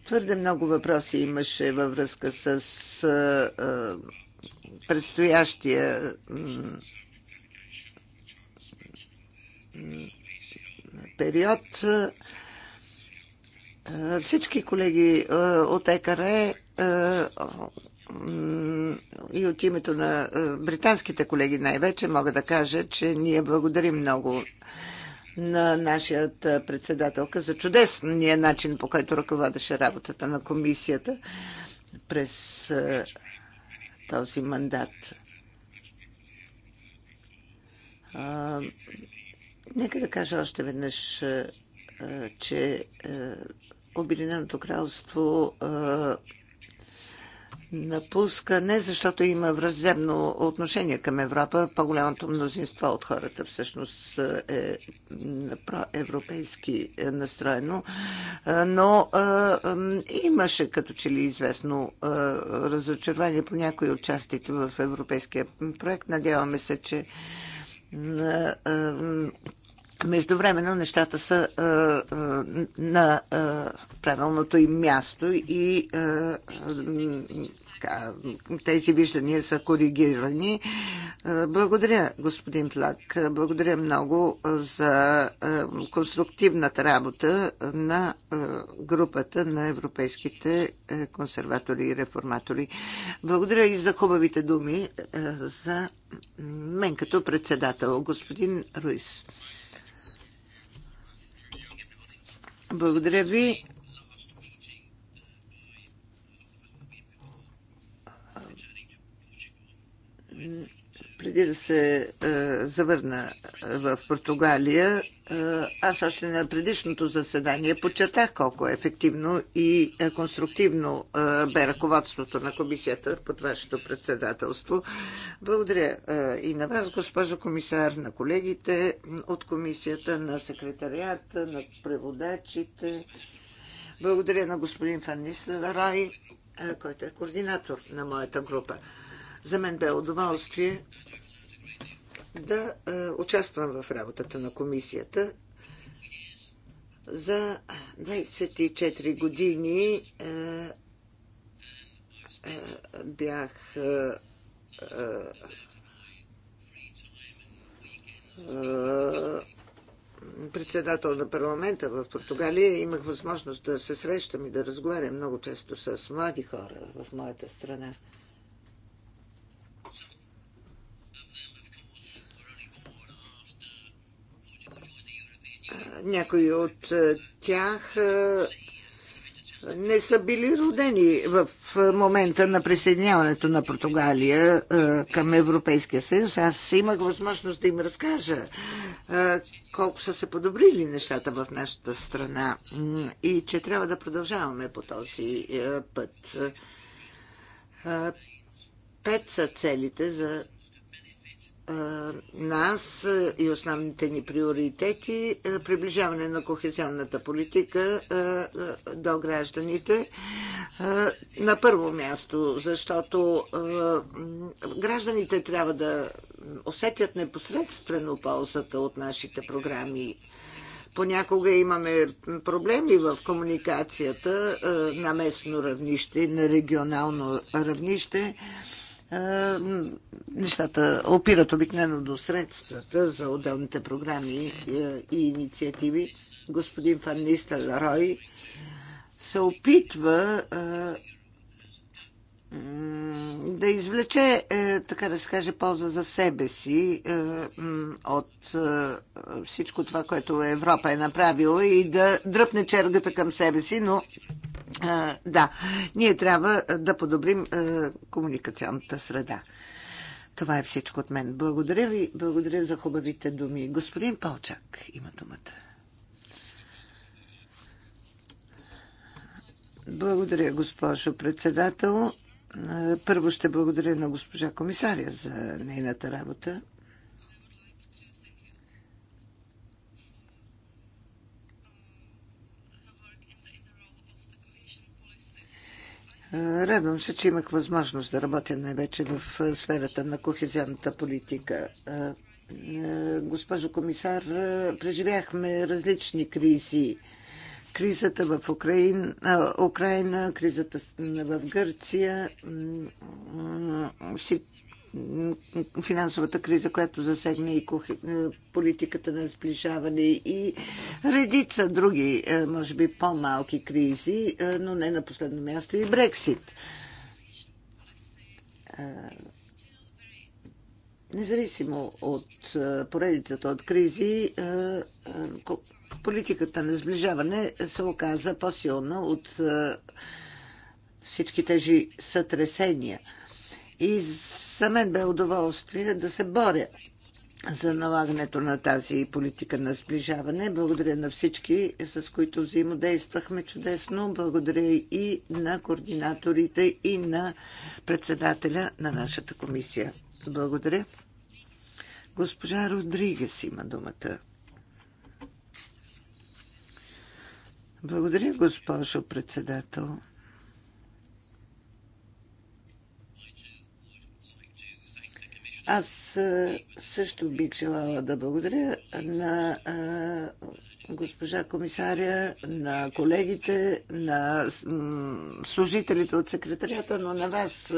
Твърде много въпроси имаше във връзка с предстоящия период. Е, всички колеги е, от ЕКР е, и от името на британските колеги най-вече мога да кажа, че ние благодарим много на нашият председателка за чудесния начин, по който ръководеше работата на комисията през този мандат. Нека да кажа още веднъж, че Обединеното кралство напуска не защото има враждебно отношение към Европа. По-голямото мнозинство от хората всъщност е европейски е, настроено, но имаше като че ли известно разочарование по някои от частите в европейския проект. Надяваме се, че Междувременно нещата са а, е, е, на а, е, правилното им място и а, тези виждания са коригирани. Благодаря, господин Плак. Благодаря много за конструктивната работа на групата на европейските консерватори и реформатори. Благодаря и за хубавите думи за мен като председател, господин Руис. Благодаря ви. Преди да се е, завърна е, в Португалия, е, аз още на предишното заседание подчертах колко е ефективно и е, конструктивно е, бе ръководството на комисията под вашето председателство. Благодаря е, и на вас, госпожо комисар, на колегите от комисията, на секретарията, на преводачите. Благодаря на господин Фанис Рай, е, който е координатор на моята група. За мен бе удоволствие да е, участвам в работата на комисията. За 24 години е, е, бях председател на парламента в Португалия. Имах възможност да се срещам и да разговарям много често с млади хора в моята страна. Някои от е, тях е, не са били родени в е, момента на присъединяването на Португалия към Европейския съюз. Аз имах възможност да им разкажа колко са се подобрили нещата в нашата страна и че трябва да продължаваме по този път. Пет са целите за нас и основните ни приоритети приближаване на кохезионната политика до гражданите. На първо място, защото гражданите трябва да усетят непосредствено ползата от нашите програми понякога имаме проблеми в комуникацията на местно равнище, на регионално равнище. Е, нещата опират обикновено до средствата за отделните програми е, и инициативи. Господин Фан Нистел Рой се опитва е, да извлече, така да се каже, полза за себе си от всичко това, което Европа е направила и да дръпне чергата към себе си, но да, ние трябва да подобрим комуникационната среда. Това е всичко от мен. Благодаря ви, благодаря за хубавите думи. Господин Палчак, има думата. Благодаря, госпожо председател. Първо ще благодаря на госпожа комисаря за нейната работа. Радвам се, че имах възможност да работя най-вече в сферата на кохезионната политика. Госпожо комисар, преживяхме различни кризи. Кризата в Украина, Украина, кризата в Гърция финансовата криза, която засегна и е, политиката на сближаване и редица други, е, може би по-малки кризи, е, но не на последно място и Брексит. Независимо от поредицата от кризи, политиката на сближаване се оказа по-силна от всички тези сътресения – и за мен бе удоволствие да се боря за налагането на тази политика на сближаване. Благодаря на всички, с които взаимодействахме чудесно. Благодаря и на координаторите и на председателя на нашата комисия. Благодаря. Госпожа Родригес има думата. Благодаря, госпожо председател. Аз също бих желала да благодаря на госпожа комисаря, на колегите, на служителите от секретарията, но на вас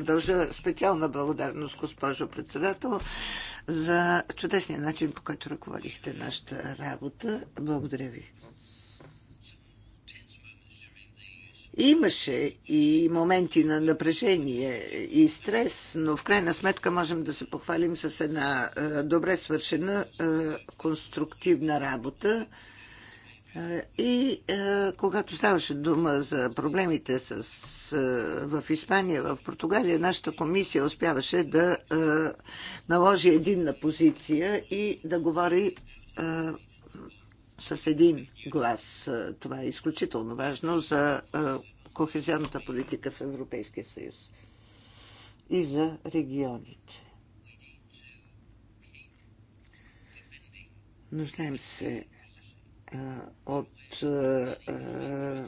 дължа специална благодарност, госпожо председател, за чудесния начин, по който ръководихте нашата работа. Благодаря ви. Имаше и моменти на напрежение и стрес, но в крайна сметка можем да се похвалим с една добре свършена конструктивна работа. И когато ставаше дума за проблемите с, в Испания, в Португалия, нашата комисия успяваше да наложи единна позиция и да говори с един глас. Е, това е изключително важно за е, кохезионната политика в Европейския съюз и за регионите. Нуждаем се а, е, от а,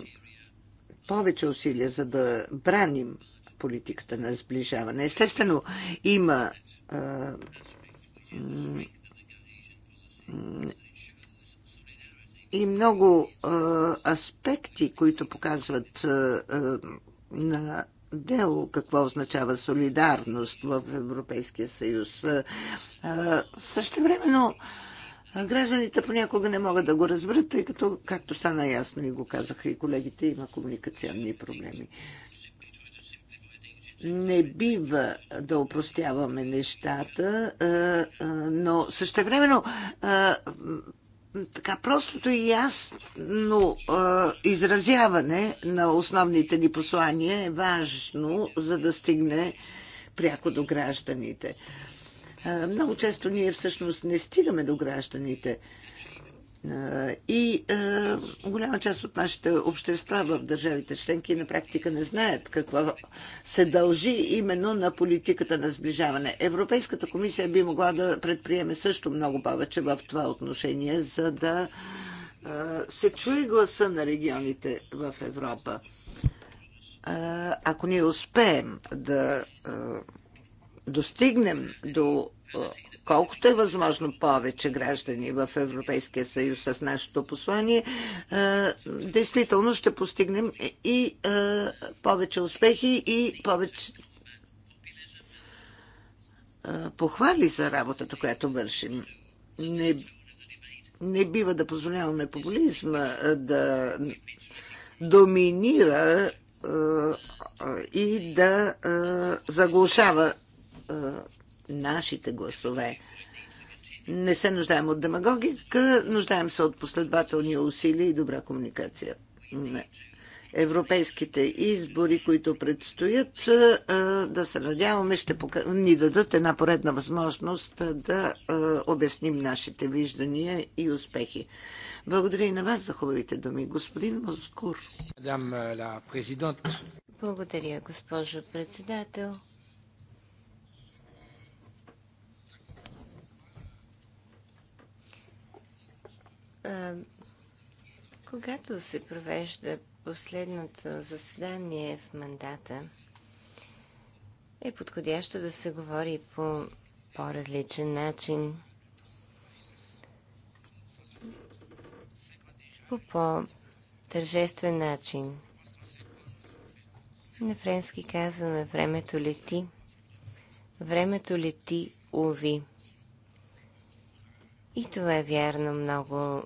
повече усилия, за да браним политиката на сближаване. Естествено, има а, и много аспекти, които показват на дело какво означава солидарност в Европейския съюз. Също времено гражданите понякога не могат да го разберат, тъй като, както стана ясно и го казаха и колегите, има комуникационни проблеми. Не бива да упростяваме нещата, но същевременно така простото и ясно а, изразяване на основните ни послания е важно, за да стигне пряко до гражданите. А, много често ние всъщност не стигаме до гражданите. И е, голяма част от нашите общества в държавите членки на практика не знаят какво се дължи именно на политиката на сближаване. Европейската комисия би могла да предприеме също много повече в това отношение, за да е, се чуе гласа на регионите в Европа. Ако ние успеем да е, достигнем до колкото е възможно повече граждани в Европейския съюз с нашето послание, действително ще постигнем и повече успехи и повече похвали за работата, която вършим. Не, не бива да позволяваме популизма да доминира и да заглушава нашите гласове. Не се нуждаем от демагогика, нуждаем се от последователни усилия и добра комуникация. Не. Европейските избори, които предстоят, да се надяваме, ще пока... ни дадат една поредна възможност да обясним нашите виждания и успехи. Благодаря и на вас за хубавите думи. Господин Москур. Благодаря, госпожо председател. когато се провежда последното заседание в мандата, е подходящо да се говори по по-различен начин, по по-тържествен начин. На френски казваме времето лети. Времето лети, уви. И това е вярно много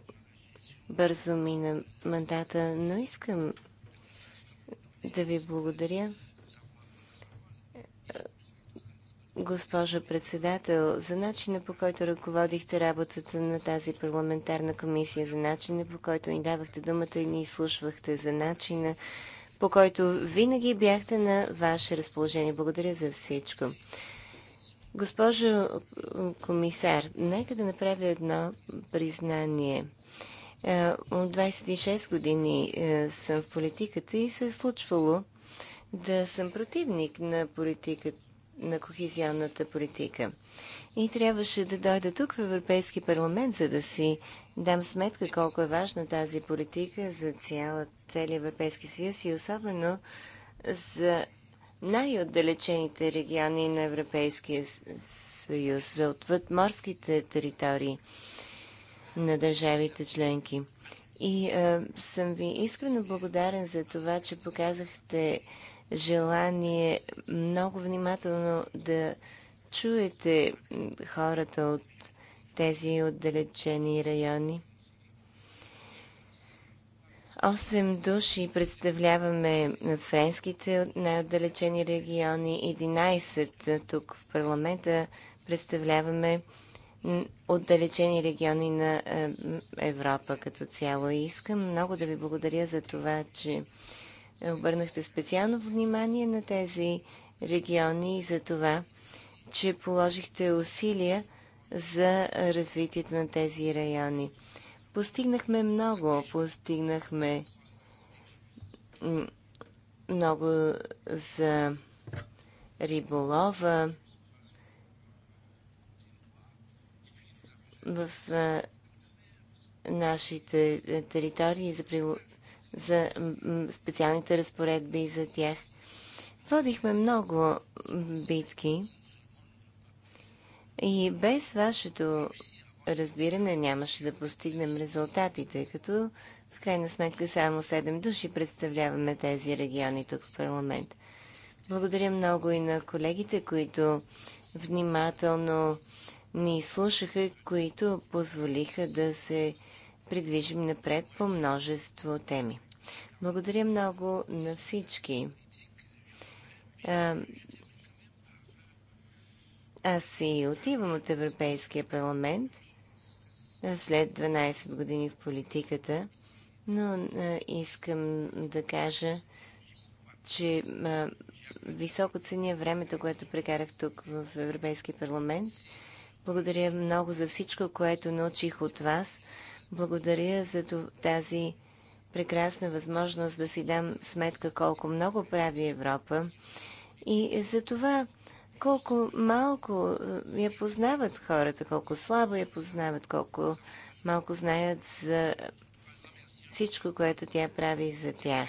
бързо мина мандата, но искам да ви благодаря. Госпожа председател, за начина по който ръководихте работата на тази парламентарна комисия, за начина по който ни давахте думата и ни изслушвахте, за начина по който винаги бяхте на ваше разположение. Благодаря за всичко. Госпожо комисар, нека да направя едно признание. Е, от 26 години е, съм в политиката и се е случвало да съм противник на политиката на кохезионната политика. И трябваше да дойда тук в Европейски парламент, за да си дам сметка колко е важна тази политика за цяла, целия Европейски съюз и особено за най-отдалечените региони на Европейския съюз, за отвъд морските територии на държавите членки. И а, съм ви искрено благодарен за това, че показахте желание много внимателно да чуете хората от тези отдалечени райони. 8 души представляваме френските най-отдалечени региони, 11 тук в парламента представляваме отдалечени региони на Европа като цяло. И искам много да ви благодаря за това, че обърнахте специално внимание на тези региони и за това, че положихте усилия за развитието на тези райони. Постигнахме много. Постигнахме много за риболова. В нашите територии за, при, за специалните разпоредби за тях. Водихме много битки и без вашето разбиране нямаше да постигнем резултатите, като в крайна сметка само 7 души представляваме тези региони тук в парламент. Благодаря много и на колегите, които внимателно ни слушаха, които позволиха да се придвижим напред по множество теми. Благодаря много на всички. Аз си отивам от Европейския парламент, след 12 години в политиката, но искам да кажа, че високо ценя времето, което прекарах тук в Европейския парламент. Благодаря много за всичко, което научих от вас. Благодаря за тази прекрасна възможност да си дам сметка колко много прави Европа. И за това колко малко е, я познават хората, колко слабо я познават, колко малко знаят за всичко, което тя прави за тях.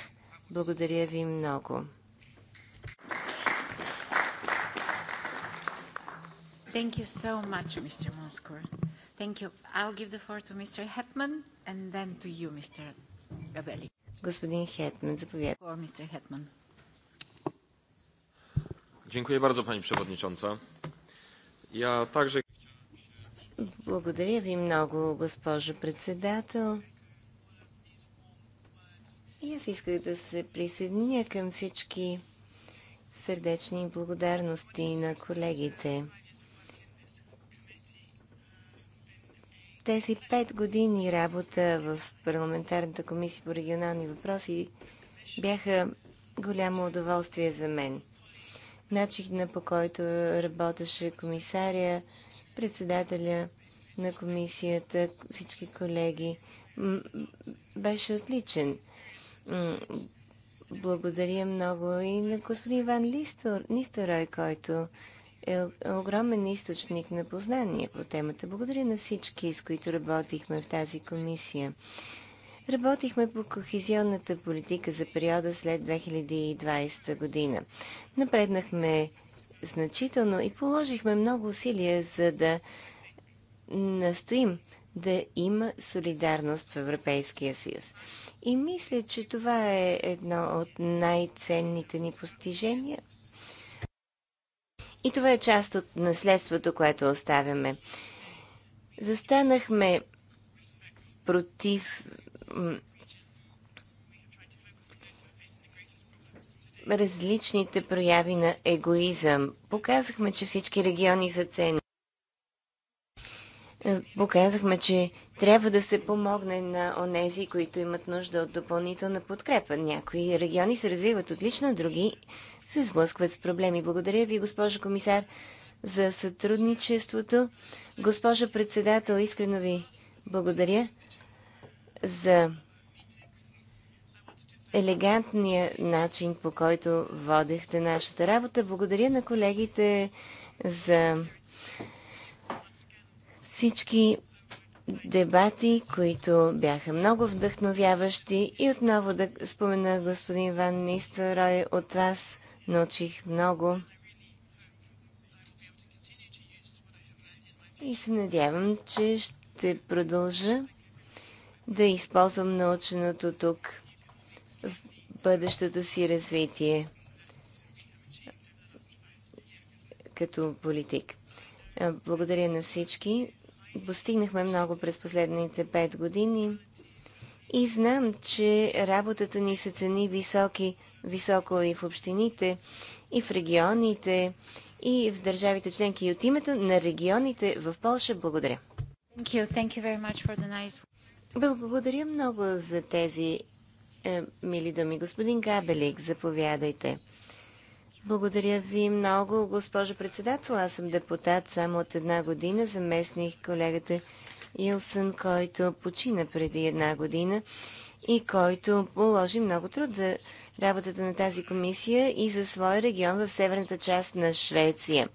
Благодаря ви много. Thank you so much, Mr. Monscourt. Thank you. I'll give the floor to Mr. Hetman and then to you, Mr. Gabelli. Господин Хетман, заповядайте. Mr. Hetman. Благодаря ви много, госпожо председател. И аз исках да се присъединя към всички сърдечни благодарности на колегите. Тези пет години работа в Парламентарната комисия по регионални въпроси бяха голямо удоволствие за мен – начина по който работеше комисаря, председателя на комисията, всички колеги. Беше отличен. Благодаря много и на господин Иван Листор, Нисторой, който е огромен източник на познание по темата. Благодаря на всички, с които работихме в тази комисия. Работихме по кохезионната политика за периода след 2020 година. Напреднахме значително и положихме много усилия, за да настоим да има солидарност в Европейския съюз. И мисля, че това е едно от най-ценните ни постижения. И това е част от наследството, което оставяме. Застанахме против различните прояви на егоизъм. Показахме, че всички региони са ценни. Е, показахме, че трябва да се помогне на онези, които имат нужда от допълнителна подкрепа. Някои региони се развиват отлично, други се сблъскват с проблеми. Благодаря ви, госпожо комисар, за сътрудничеството. Госпожо председател, искрено ви благодаря за елегантния начин, по който водехте нашата работа. Благодаря на колегите за всички дебати, които бяха много вдъхновяващи. И отново да спомена господин Ван Нистерой, от вас научих много. И се надявам, че ще продължа да използвам наученото тук в бъдещото си развитие като политик. Благодаря на всички. Постигнахме много през последните пет години и знам, че работата ни се цени високи, високо и в общините, и в регионите, и в държавите членки. И от името на регионите в Польша благодаря. Thank you. Thank you very much for the nice... Благодаря много за тези е, мили думи. Господин Габелик, заповядайте. Благодаря ви много, госпожо председател. Аз съм депутат само от една година. Заместних колегата Илсън, който почина преди една година и който положи много труд за работата на тази комисия и за своя регион в северната част на Швеция.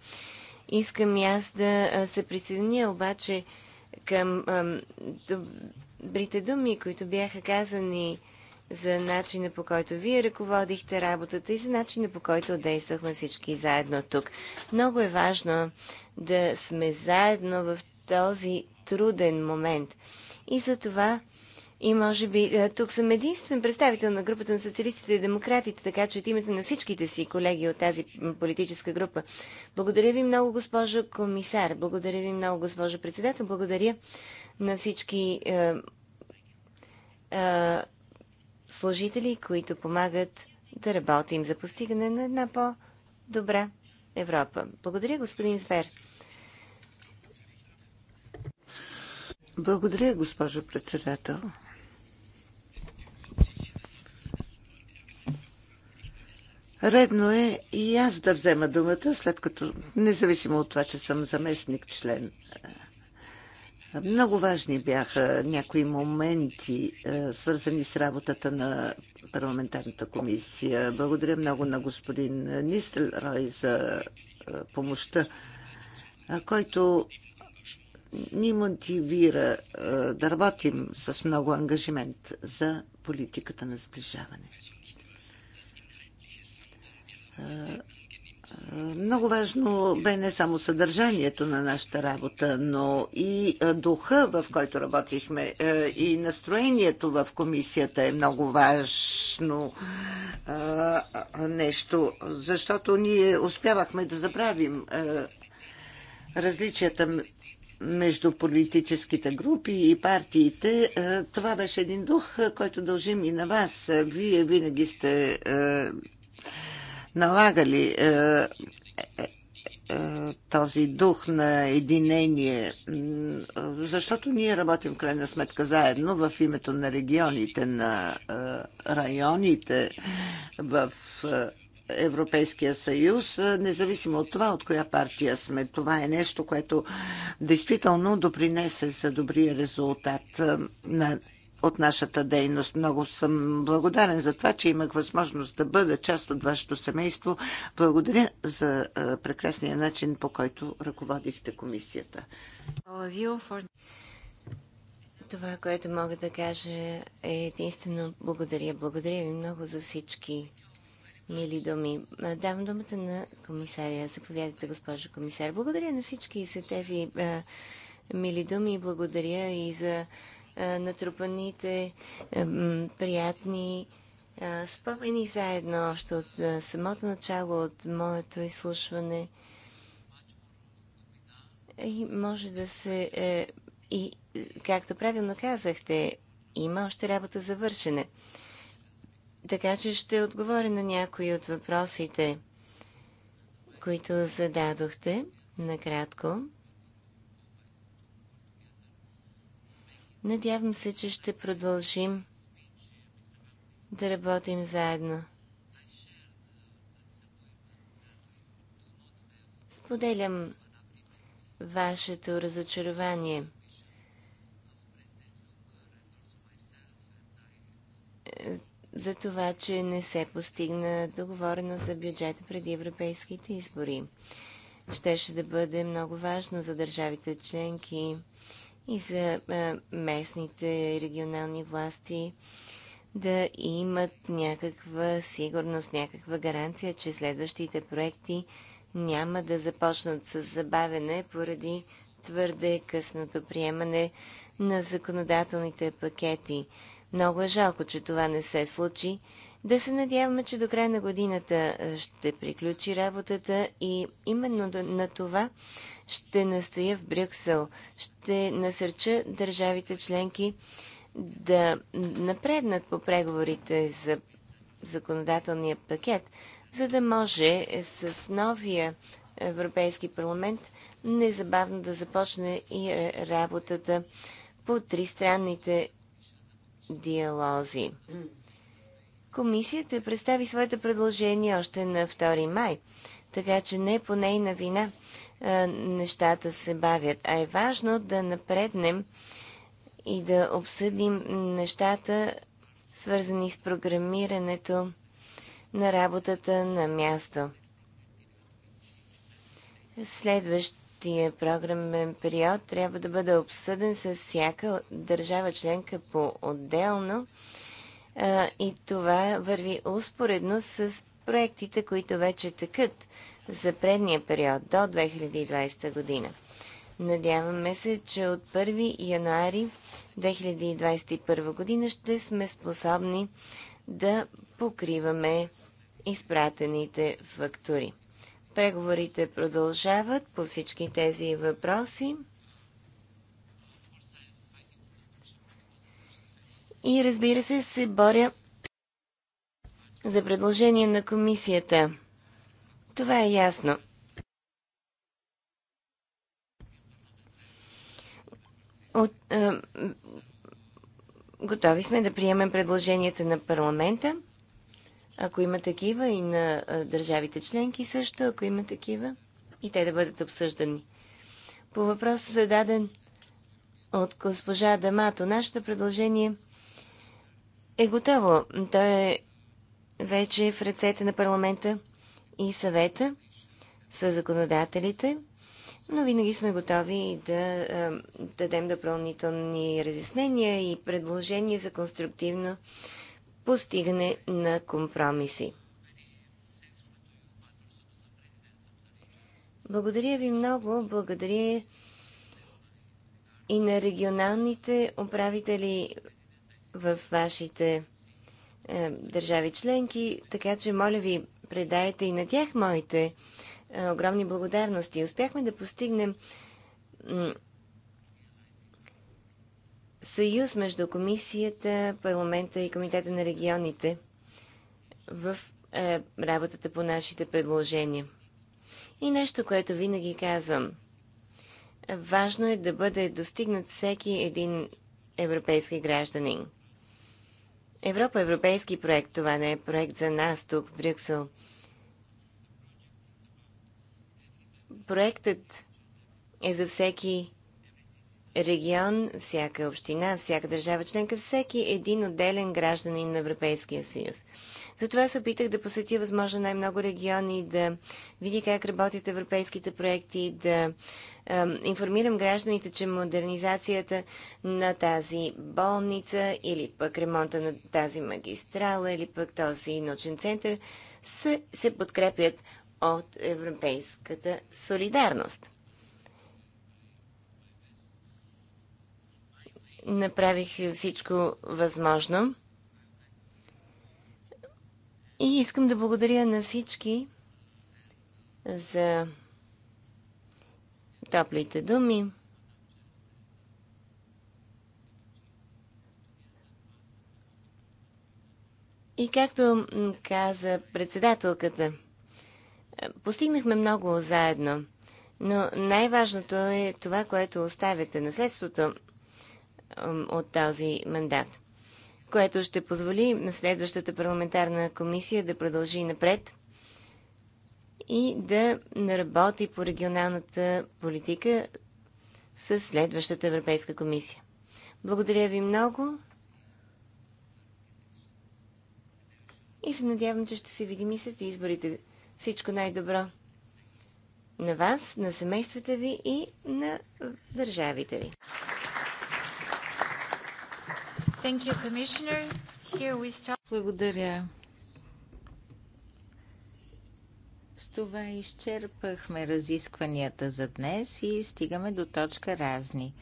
Искам и аз да се присъединя обаче към добрите думи, които бяха казани за начина по който вие ръководихте работата и за начина по който действахме всички заедно тук. Много е важно да сме заедно в този труден момент. И за това и може би е, тук съм единствен представител на групата на социалистите и демократите, така че от името на всичките си колеги от тази политическа група. Благодаря ви много, госпожо комисар. Благодаря ви много, госпожо председател. Благодаря на всички е, е, служители, които помагат да работим за постигане на една по-добра Европа. Благодаря, господин Звер. Благодаря, госпожо председател. Редно е и аз да взема думата, след като, независимо от това, че съм заместник член е, много важни бяха някои моменти, е, свързани с работата на парламентарната комисия. Благодаря много на господин Нистелрой за е, помощта, е, който ни мотивира да работим с много ангажимент за политиката на сближаване. Много важно бе не само съдържанието на нашата работа, но и духа, в който работихме, и настроението в комисията е много важно нещо, защото ние успявахме да забравим различията между политическите групи и партиите. Това беше един дух, който дължим и на вас. Вие винаги сте налагали е, е, е, този дух на единение, защото ние работим в крайна сметка заедно в името на регионите, на е, районите в е, Европейския съюз, е, независимо от това, от коя партия сме. Това е нещо, което действително допринесе за добрия резултат на от нашата дейност. Много съм благодарен за това, че имах възможност да бъда част от вашето семейство. Благодаря за прекрасния начин, по който ръководихте комисията. Това, което мога да кажа е единствено благодаря. Благодаря ви много за всички мили думи. Давам думата на комисаря. Заповядайте, госпожа комисар. Благодаря на всички за тези а, мили думи. Благодаря и за натрупаните приятни спомени заедно още от самото начало, от моето изслушване. И може да се... Е, и, както правилно казахте, има още работа за вършене. Така че ще отговоря на някои от въпросите, които зададохте накратко. Надявам се, че ще продължим да работим заедно. Споделям вашето разочарование. Е, за това, че не се постигна договорено за бюджета преди европейските избори. Щеше да бъде много важно за държавите членки и за местните регионални власти да имат някаква сигурност, някаква гаранция, че следващите проекти няма да започнат с забавене поради твърде късното приемане на законодателните пакети. Много е жалко, че това не се случи да се надяваме, че до края на годината ще приключи работата и именно на това ще настоя в Брюксел. Ще насърча държавите членки да напреднат по преговорите за законодателния пакет, за да може е, с новия Европейски парламент незабавно да започне и е, работата по тристранните диалози. Комисията представи своите предложения още на 2 май, така че не по нейна вина нещата се бавят, а е важно да напреднем и да обсъдим нещата, свързани с програмирането на работата на място. Следващия програмен период трябва да бъде обсъден с всяка държава членка по-отделно а, и това върви успоредно с проектите, които вече тъкат за предния период до 2020 година. Надяваме се, че от 1 януари 2021 година ще сме способни да покриваме изпратените фактури. Преговорите продължават по всички тези въпроси. И разбира се, се боря за предложение на комисията. Това е ясно. От, е, готови сме да приемем предложенията на парламента, ако има такива, и на е, държавите членки също, ако има такива, и те да бъдат обсъждани. По въпроса зададен от госпожа Дамато, нашето предложение – е готово. То е вече в ръцете на парламента и съвета с законодателите, но винаги сме готови да дадем допълнителни разяснения и предложения за конструктивно постигане на компромиси. Благодаря ви много. Благодаря и на регионалните управители в вашите е, държави членки, така че моля ви, предайте и на тях моите е, огромни благодарности. Успяхме да постигнем съюз между комисията, парламента и комитета на регионите в е, работата по нашите предложения. И нещо, което винаги казвам. Важно е да бъде достигнат всеки един европейски гражданин. Европа е европейски проект, това не е проект за нас тук в Брюксел. Проектът е за всеки регион, всяка община, всяка държава членка, всеки един отделен гражданин на Европейския съюз. Затова се опитах да посетя възможно най-много региони, да видя как работят европейските проекти, да е, информирам гражданите, че модернизацията на тази болница или пък ремонта на тази магистрала или пък този научен център се, се подкрепят от европейската солидарност. направих всичко възможно и искам да благодаря на всички за топлите думи. И както каза председателката, постигнахме много заедно, но най-важното е това, което оставяте наследството от този мандат което ще позволи на следващата парламентарна комисия да продължи напред и да работи по регионалната политика с следващата Европейска комисия. Благодаря ви много и се надявам, че ще се видим и след изборите. Всичко най-добро на вас, на семействата ви и на държавите ви. Благодаря. С това изчерпахме разискванията за днес и стигаме до точка разни.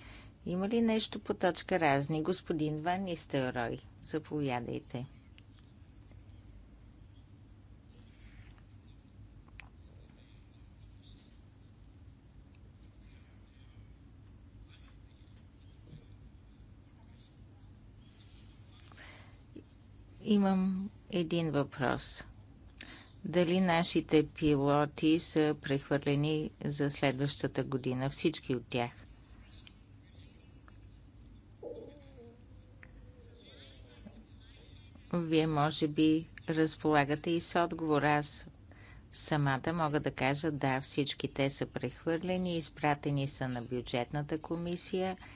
Има ли нещо по точка разни, господин Ван Нистелрой? Заповядайте. Имам един въпрос. Дали нашите пилоти са прехвърлени за следващата година? Всички от тях. Вие може би разполагате и с отговор. Аз самата мога да кажа да, всички те са прехвърлени, изпратени са на бюджетната комисия –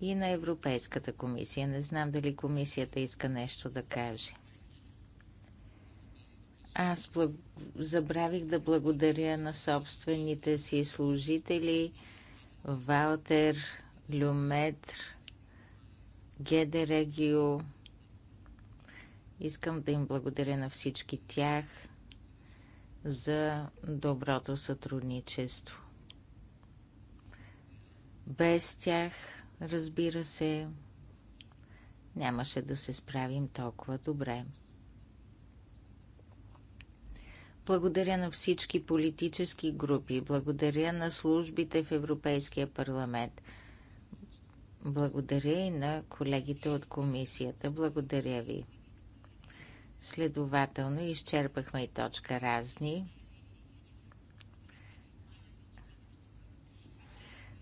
и на Европейската комисия. Не знам дали комисията иска нещо да каже. Аз благ... забравих да благодаря на собствените си служители Валтер, Люметр, Геде Регио. Искам да им благодаря на всички тях за доброто сътрудничество. Без тях разбира се, нямаше да се справим толкова добре. Благодаря на всички политически групи, благодаря на службите в Европейския парламент, благодаря и на колегите от комисията. Благодаря ви. Следователно изчерпахме и точка разни.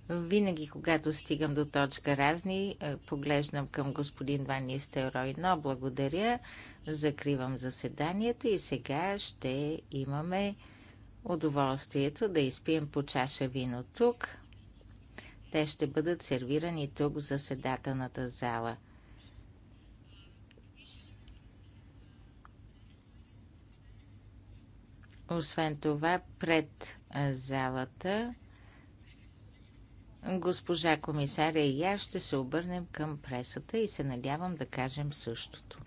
Винаги, когато стигам до точка разни, е, поглеждам към господин Ван Нистелрой, но благодаря. Закривам заседанието и сега ще имаме удоволствието да изпием по чаша вино тук. Те ще бъдат сервирани тук в заседателната зала. Освен това, пред залата Госпожа комисаря и аз ще се обърнем към пресата и се надявам да кажем същото.